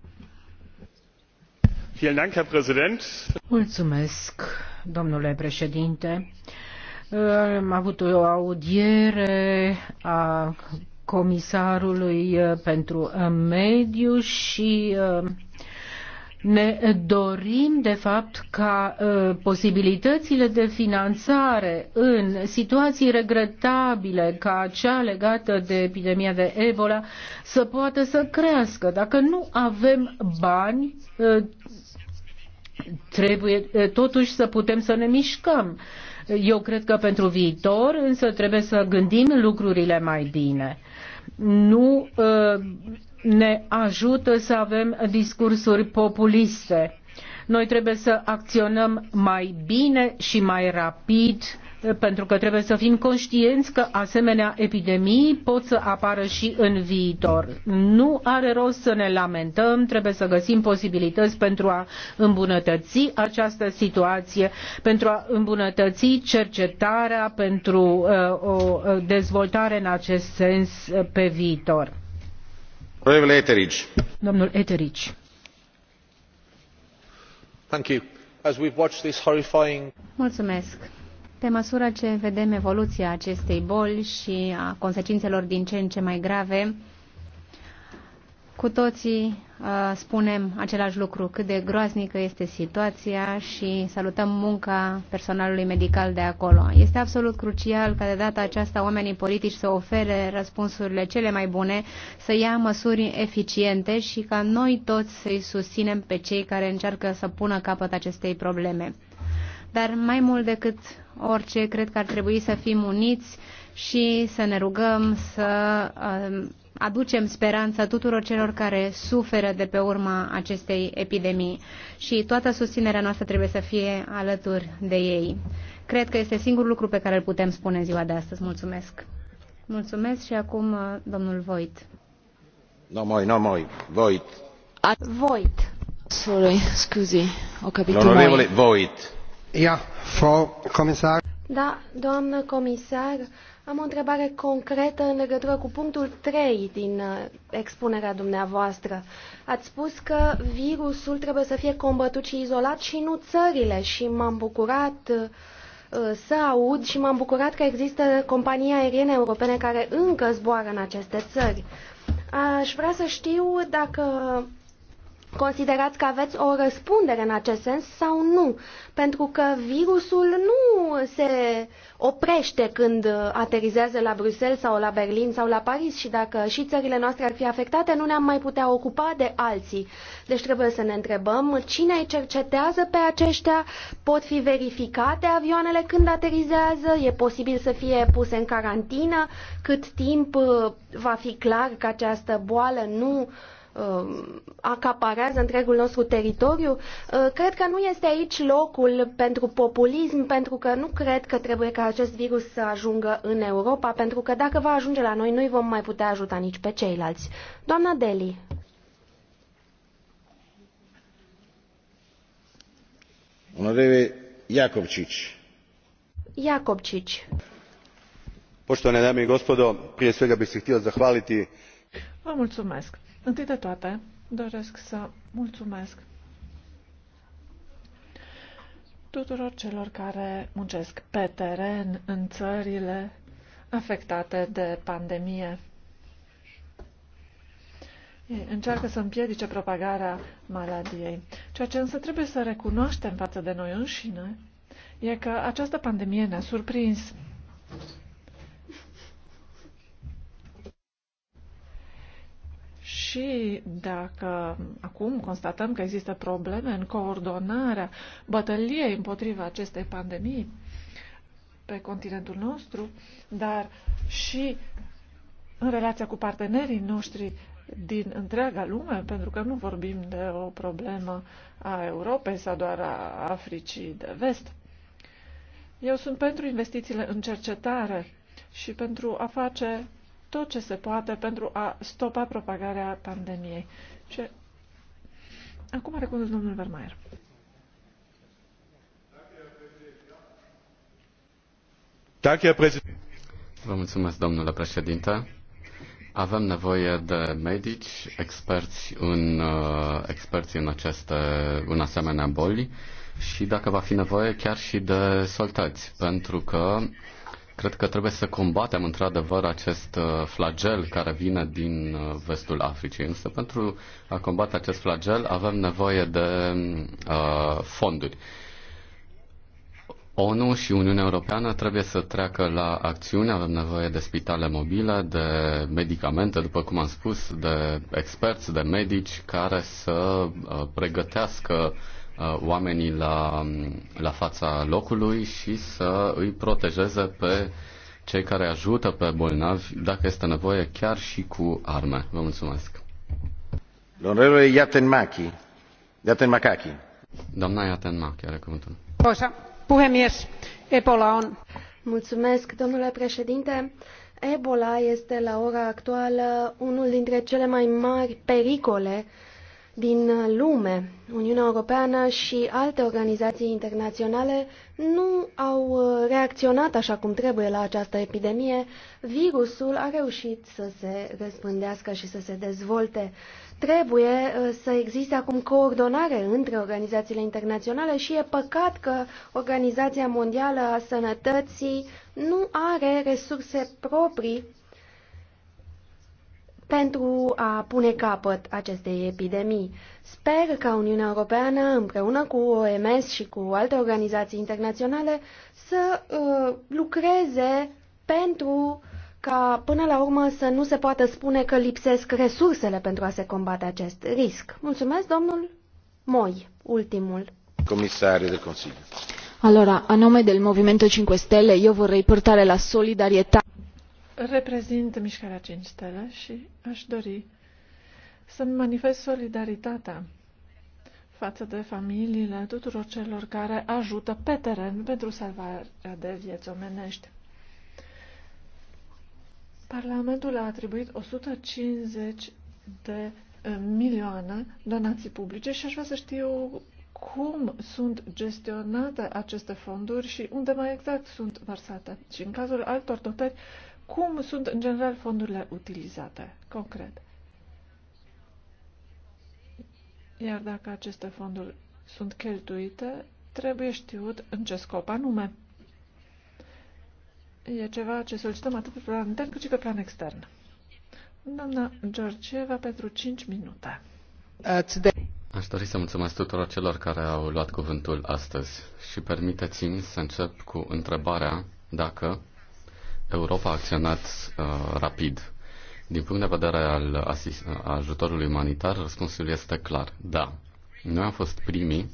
Mulțumesc, domnule președinte. Am avut o audiere a comisarului uh, pentru uh, mediu și uh, ne dorim, de fapt, ca posibilitățile de finanțare în situații regretabile ca cea legată de epidemia de Ebola să poată să crească. Dacă nu avem bani, trebuie totuși să putem să ne mișcăm. Eu cred că pentru viitor însă trebuie să gândim lucrurile mai bine. Nu ă, ne ajută să avem discursuri populiste. Noi trebuie să acționăm mai bine și mai rapid pentru că trebuie să fim conștienți că asemenea epidemii pot să apară și în viitor. Nu are rost să ne lamentăm, trebuie să găsim posibilități pentru a îmbunătăți această situație, pentru a îmbunătăți cercetarea, pentru uh, o dezvoltare în acest sens pe viitor. Domnul Eterici. Domnul Eterici. Mulțumesc. Pe măsură ce vedem evoluția acestei boli și a consecințelor din ce în ce mai grave, cu toții uh, spunem același lucru, cât de groaznică este situația și salutăm munca personalului medical de acolo. Este absolut crucial ca de data aceasta oamenii politici să ofere răspunsurile cele mai bune, să ia măsuri eficiente și ca noi toți să-i susținem pe cei care încearcă să pună capăt acestei probleme. Dar mai mult decât orice, cred că ar trebui să fim uniți și să ne rugăm să um, aducem speranța tuturor celor care suferă de pe urma acestei epidemii și toată susținerea noastră trebuie să fie alături de ei. Cred că este singurul lucru pe care îl putem spune ziua de astăzi. Mulțumesc! Mulțumesc și acum uh, domnul Voit. No, mai, no, mai, Voit. Voit. Sorry, scuzi, o capit L'onorevole Voit. Ja, Frau Kommissar. Da, doamnă comisar, am o întrebare concretă în legătură cu punctul 3 din uh, expunerea dumneavoastră. Ați spus că virusul trebuie să fie combătut și izolat și nu țările și m-am bucurat uh, să aud și m-am bucurat că există companii aeriene europene care încă zboară în aceste țări. Aș vrea să știu dacă Considerați că aveți o răspundere în acest sens sau nu? Pentru că virusul nu se oprește când aterizează la Bruxelles sau la Berlin sau la Paris și dacă și țările noastre ar fi afectate, nu ne-am mai putea ocupa de alții. Deci trebuie să ne întrebăm cine îi cercetează pe aceștia, pot fi verificate avioanele când aterizează, e posibil să fie puse în carantină, cât timp uh, va fi clar că această boală nu uh, Um, acaparează întregul nostru teritoriu, uh, cred că nu este aici locul pentru populism, pentru că nu cred că trebuie ca acest virus să ajungă în Europa, pentru că dacă va ajunge la noi, nu-i vom mai putea ajuta nici pe ceilalți. Doamna Deli. Onoreve Iacobcici. Iacobcici. Poștoane, dame i gospodo, prije svega bih se htio zahvaliti... Vă mulțumesc Întâi de toate, doresc să mulțumesc tuturor celor care muncesc pe teren în țările afectate de pandemie. Ei încearcă să împiedice propagarea maladiei. Ceea ce însă trebuie să recunoaștem față de noi înșine e că această pandemie ne-a surprins. și dacă acum constatăm că există probleme în coordonarea bătăliei împotriva acestei pandemii pe continentul nostru, dar și în relația cu partenerii noștri din întreaga lume, pentru că nu vorbim de o problemă a Europei sau doar a Africii de vest. Eu sunt pentru investițiile în cercetare și pentru a face tot ce se poate pentru a stopa propagarea pandemiei. Ce... Acum are cuvântul domnul Vermaier. Vă mulțumesc, domnule președinte. Avem nevoie de medici, experți în, uh, experți în, aceste, în asemenea boli și, dacă va fi nevoie, chiar și de soldați, pentru că Cred că trebuie să combatem într-adevăr acest uh, flagel care vine din uh, vestul Africii. Însă pentru a combate acest flagel avem nevoie de uh, fonduri. ONU și Uniunea Europeană trebuie să treacă la acțiune, avem nevoie de spitale mobile, de medicamente, după cum am spus, de experți, de medici care să uh, pregătească Uh, oamenii la, mm, la fața locului și să îi protejeze pe cei care ajută pe bolnavi, dacă este nevoie, chiar și cu arme. Vă mulțumesc. L'onorevole Iatenmachi. Iatenmacachi. Doamna Iatenmachi are cuvântul. poșa Puhemies, Ebola on. Mulțumesc, domnule președinte. Ebola este la ora actuală unul dintre cele mai mari pericole uh, din lume. Uniunea Europeană și alte organizații internaționale nu au uh, reacționat așa cum trebuie la această epidemie. Virusul a reușit să se răspândească și să se dezvolte. Trebuie uh, să existe acum coordonare între organizațiile internaționale și e păcat că Organizația Mondială a Sănătății nu are resurse proprii pentru a pune capăt acestei epidemii. Sper ca Uniunea Europeană, împreună cu OMS și cu alte organizații internaționale, să uh, lucreze pentru ca până la urmă să nu se poată spune că lipsesc resursele pentru a se combate acest risc. Mulțumesc, domnul Moi, ultimul. Comisarul de Consiliu. Allora, a nome del Movimento 5 Stelle io vorrei portare la solidarietà reprezint mișcarea Cinci stele și aș dori să-mi manifest solidaritatea față de familiile tuturor celor care ajută pe teren pentru salvarea de vieți omenești. Parlamentul a atribuit 150 de eh, milioane donații publice și aș vrea să știu cum sunt gestionate aceste fonduri și unde mai exact sunt varsate. Și în cazul altor dotări, cum sunt în general fondurile utilizate concret. Iar dacă aceste fonduri sunt cheltuite, trebuie știut în ce scop anume. E ceva ce solicităm atât pe plan intern cât și pe plan extern. Doamna Georgieva, pentru 5 minute. Aș dori să mulțumesc tuturor celor care au luat cuvântul astăzi și permiteți-mi să încep cu întrebarea dacă Europa a acționat uh, rapid. Din punct de vedere al ajutorului umanitar, răspunsul este clar. Da. Noi am fost primii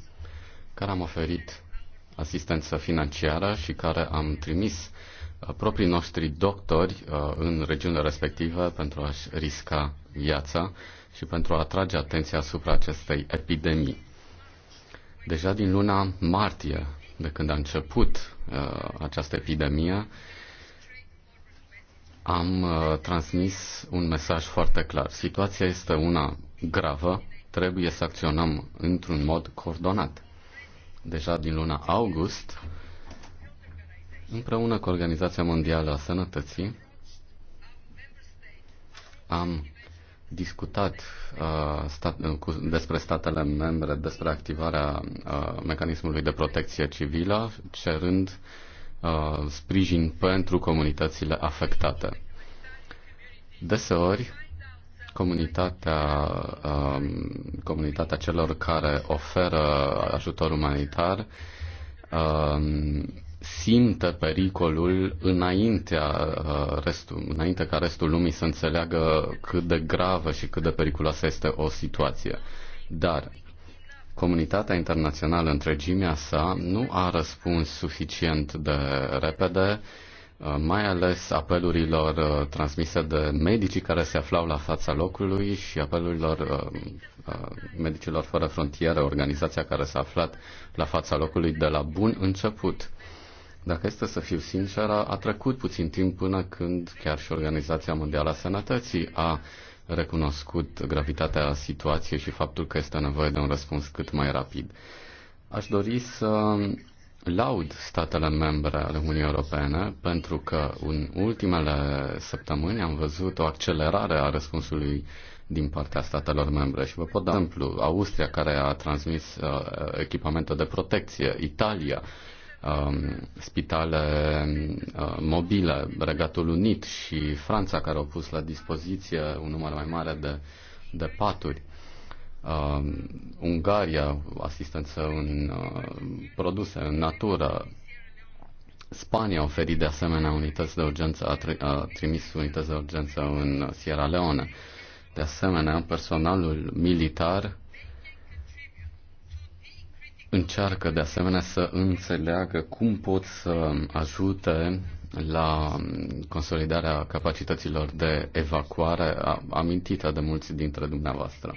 care am oferit asistență financiară și care am trimis uh, proprii noștri doctori uh, în regiunile respective pentru a-și risca viața și pentru a atrage atenția asupra acestei epidemii. Deja din luna martie, de când a început uh, această epidemie, am uh, transmis un mesaj foarte clar. Situația este una gravă, trebuie să acționăm într-un mod coordonat. Deja din luna august, împreună cu Organizația Mondială a Sănătății, am discutat uh, stat, uh, cu, despre statele membre, despre activarea uh, mecanismului de protecție civilă, cerând uh, Uh, sprijin pentru comunitățile afectate. Deseori, comunitatea, um, comunitatea celor care oferă ajutor umanitar um, simte pericolul înaintea, uh, restul, înainte ca restul lumii să înțeleagă cât de gravă și cât de periculoasă este o situație. Dar comunitatea internațională întregimea sa nu a răspuns suficient de repede, uh, mai ales apelurilor uh, transmise de medicii care se aflau la fața locului și apelurilor uh, medicilor fără frontiere, organizația care s-a aflat la fața locului de la bun început. Dacă este să fiu sinceră, a trecut puțin timp până când chiar și Organizația Mondială a Sănătății a uh, recunoscut gravitatea situației și faptul că este nevoie de un răspuns cât mai rapid. Aș dori să laud statele membre ale Uniunii Europene pentru că în ultimele săptămâni am văzut o accelerare a răspunsului din partea statelor membre și vă pot da exemplu Austria care a transmis uh, echipamente de protecție, Italia uh, spitale uh, mobile, Regatul Unit și Franța, care au pus la dispoziție un număr mai mare de, de paturi. Uh, Ungaria, asistență în uh, produse, în natură. Spania a oferit de asemenea unități de urgență, a, tri- a trimis unități de urgență în Sierra Leone. De asemenea, personalul militar încearcă de asemenea să înțeleagă cum pot să ajute la consolidarea capacităților de evacuare amintită de mulți dintre dumneavoastră.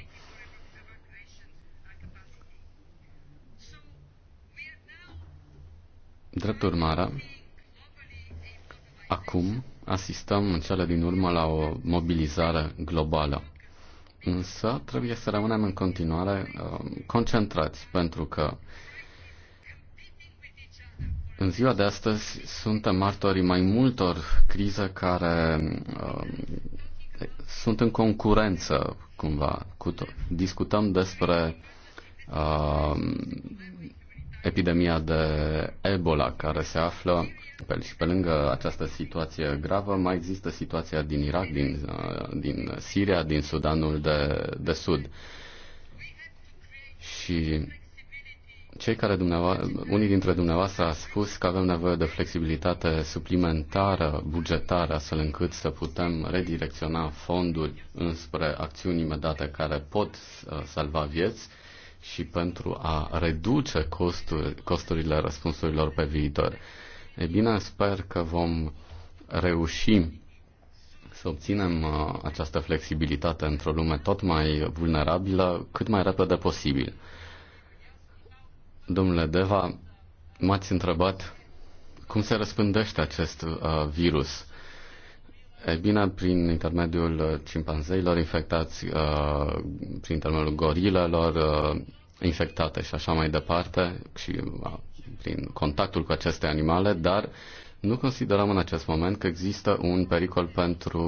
Drept urmare, acum asistăm în cele din urmă la o mobilizare globală. Însă trebuie să rămânem în continuare um, concentrați, pentru că în ziua de astăzi suntem martorii mai multor crize care uh, sunt în concurență cumva. Cu to- discutăm despre uh, epidemia de Ebola care se află pe, și pe lângă această situație gravă mai există situația din Irak, din, uh, din Siria, din Sudanul de, de Sud. Și cei care dumneavoastră, unii dintre dumneavoastră a spus că avem nevoie de flexibilitate suplimentară, bugetară, astfel încât să putem redirecționa fonduri înspre acțiuni imediate care pot uh, salva vieți și pentru a reduce costuri, costurile răspunsurilor pe viitor. E bine, sper că vom reuși să obținem uh, această flexibilitate într-o lume tot mai vulnerabilă cât mai repede posibil. Domnule Deva, m-ați întrebat cum se răspândește acest uh, virus. E bine, prin intermediul cimpanzeilor infectați, uh, prin intermediul gorilelor uh, infectate și așa mai departe, și uh, prin contactul cu aceste animale, dar nu considerăm în acest moment că există un pericol pentru,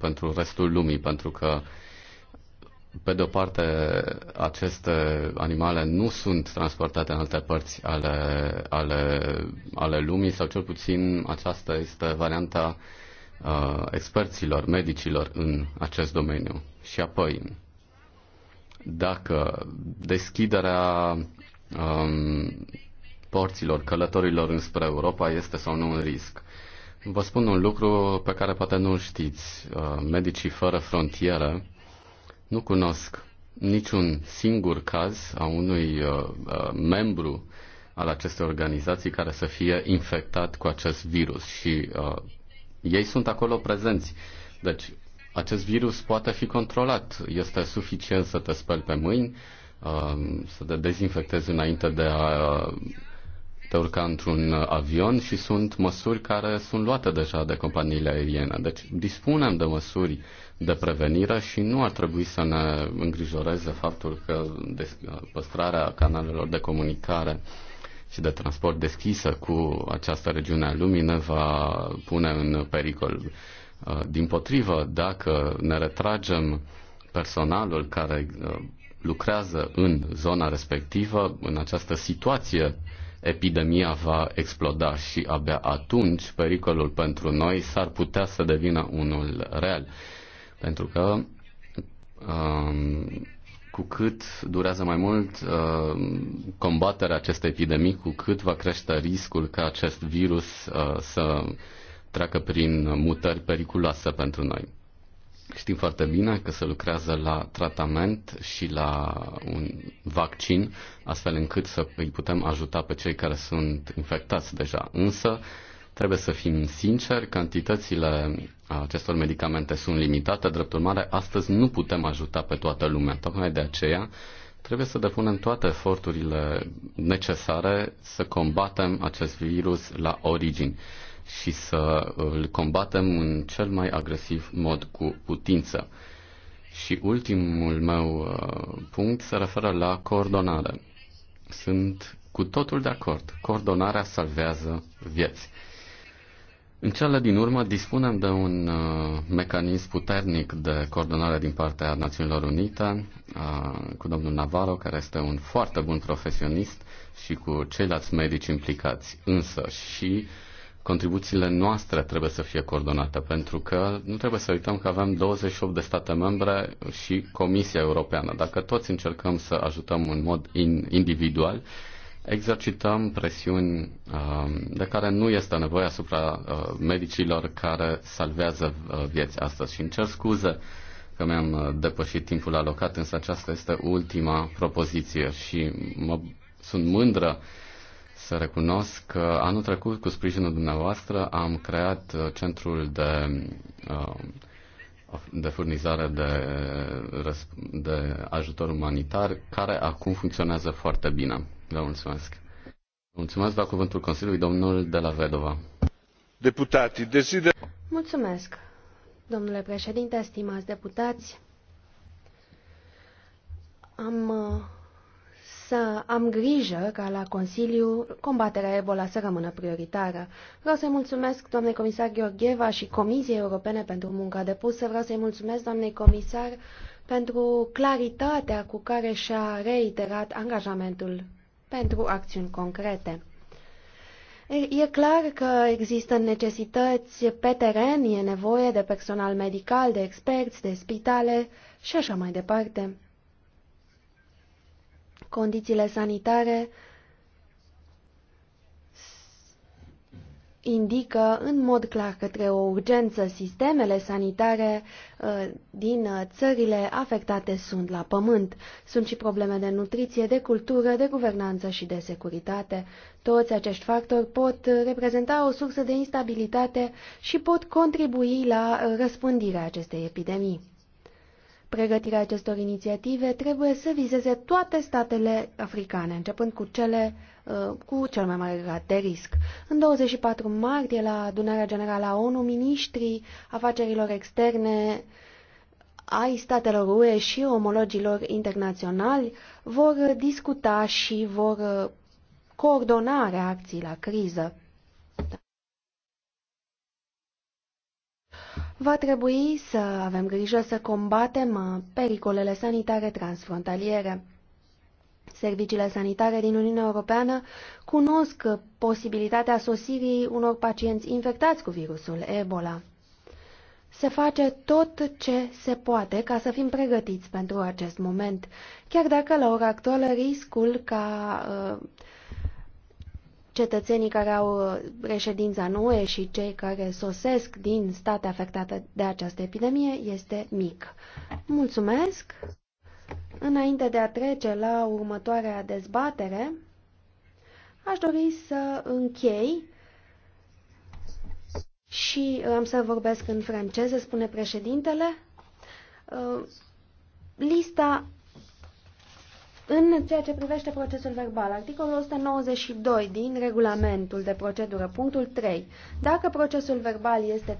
pentru restul lumii, pentru că, pe de-o parte, aceste animale nu sunt transportate în alte părți ale, ale, ale lumii, sau cel puțin aceasta este varianta uh, experților, medicilor în acest domeniu. Și apoi, dacă deschiderea um, porților, călătorilor înspre Europa este sau nu un risc. Vă spun un lucru pe care poate nu-l știți. Uh, medicii fără frontiere nu cunosc niciun singur caz a unui uh, uh, membru al acestei organizații care să fie infectat cu acest virus și ei sunt acolo prezenți. Deci, acest virus poate fi controlat. Este suficient să te speli pe mâini, um, să te dezinfectezi înainte de a uh, te urca într-un avion și sunt măsuri care sunt luate deja de companiile aeriene. Deci dispunem de măsuri de prevenire și nu ar trebui să ne îngrijoreze faptul că uh, păstrarea canalelor de comunicare uh, și de transport deschisă cu această regiune a lumii ne va pune în pericol. Uh, din potrivă, dacă ne retragem personalul care uh, lucrează în zona respectivă, în această situație, epidemia va exploda și abia atunci pericolul pentru noi s-ar putea să devină unul real. Pentru că um, cu cât durează mai mult uh, combaterea acestei epidemii, cu cât va crește riscul ca acest virus uh, să treacă prin mutări periculoase pentru noi. Știm foarte bine că se lucrează la tratament și la un vaccin, astfel încât să îi putem ajuta pe cei care sunt infectați deja. Însă, trebuie să fim sinceri, cantitățile a acestor medicamente sunt limitate, drept urmare, astăzi nu putem ajuta pe toată lumea. Tocmai de aceea trebuie să depunem toate eforturile necesare să combatem acest virus la origini și să îl combatem în cel mai agresiv mod cu putință. Și ultimul meu uh, punct se referă la coordonare. Sunt cu totul de acord. Coordonarea salvează vieți. În cele din urmă dispunem de un uh, mecanism puternic de coordonare din partea Națiunilor Unite uh, cu domnul Navarro, care este un foarte bun profesionist și cu ceilalți medici implicați. Însă și contribuțiile noastre trebuie să fie coordonate, pentru că nu trebuie să uităm că avem 28 de state membre și Comisia Europeană. Dacă toți încercăm să ajutăm în mod individual, exercităm presiuni um, de care nu este nevoie asupra uh, medicilor care salvează uh, vieți astăzi. Și încerc scuze că mi-am uh, depășit timpul alocat, însă aceasta este ultima propoziție și mă, sunt mândră să recunosc că anul trecut, cu sprijinul dumneavoastră, am creat centrul de, de furnizare de, de ajutor umanitar, care acum funcționează foarte bine. Vă mulțumesc. Mulțumesc, la cuvântul Consiliului domnul de la Vedova. Deputații, deside... Mulțumesc, domnule președinte, stimați deputați. Am să am grijă ca la Consiliu combaterea Ebola să rămână prioritară. Vreau să-i mulțumesc doamnei comisar Gheorgheva și Comisiei Europene pentru munca depusă. Vreau să-i mulțumesc doamnei comisar pentru claritatea cu care și-a reiterat angajamentul pentru acțiuni concrete. E clar că există necesități pe teren, e nevoie de personal medical, de experți, de spitale și așa mai departe. Condițiile sanitare indică în mod clar către o urgență sistemele sanitare uh, din uh, țările afectate sunt la pământ. Sunt și probleme de nutriție, de cultură, de guvernanță și de securitate. Toți acești factori pot uh, reprezenta o sursă de instabilitate și pot contribui la răspândirea acestei epidemii. Pregătirea acestor inițiative trebuie să vizeze toate statele africane, începând cu cele Uh, cu cel mai mare grad de risc. În 24 martie, la adunarea generală a ONU, ministrii afacerilor externe ai statelor UE și omologilor internaționali vor discuta și vor uh, coordona reacții la criză. Va trebui să avem grijă să combatem uh, pericolele sanitare transfrontaliere. Serviciile sanitare din Uniunea Europeană cunosc posibilitatea sosirii unor pacienți infectați cu virusul Ebola. Se face tot ce se poate ca să fim pregătiți pentru acest moment, chiar dacă la ora actuală riscul ca uh, cetățenii care au uh, reședința în UE și cei care sosesc din state afectate de această epidemie este mic. Mulțumesc! Înainte de a trece la următoarea dezbatere, aș dori să închei și am să vorbesc în franceză, spune președintele. Uh, lista în ceea ce privește procesul verbal, articolul 192 din regulamentul de procedură, punctul 3. Dacă procesul verbal este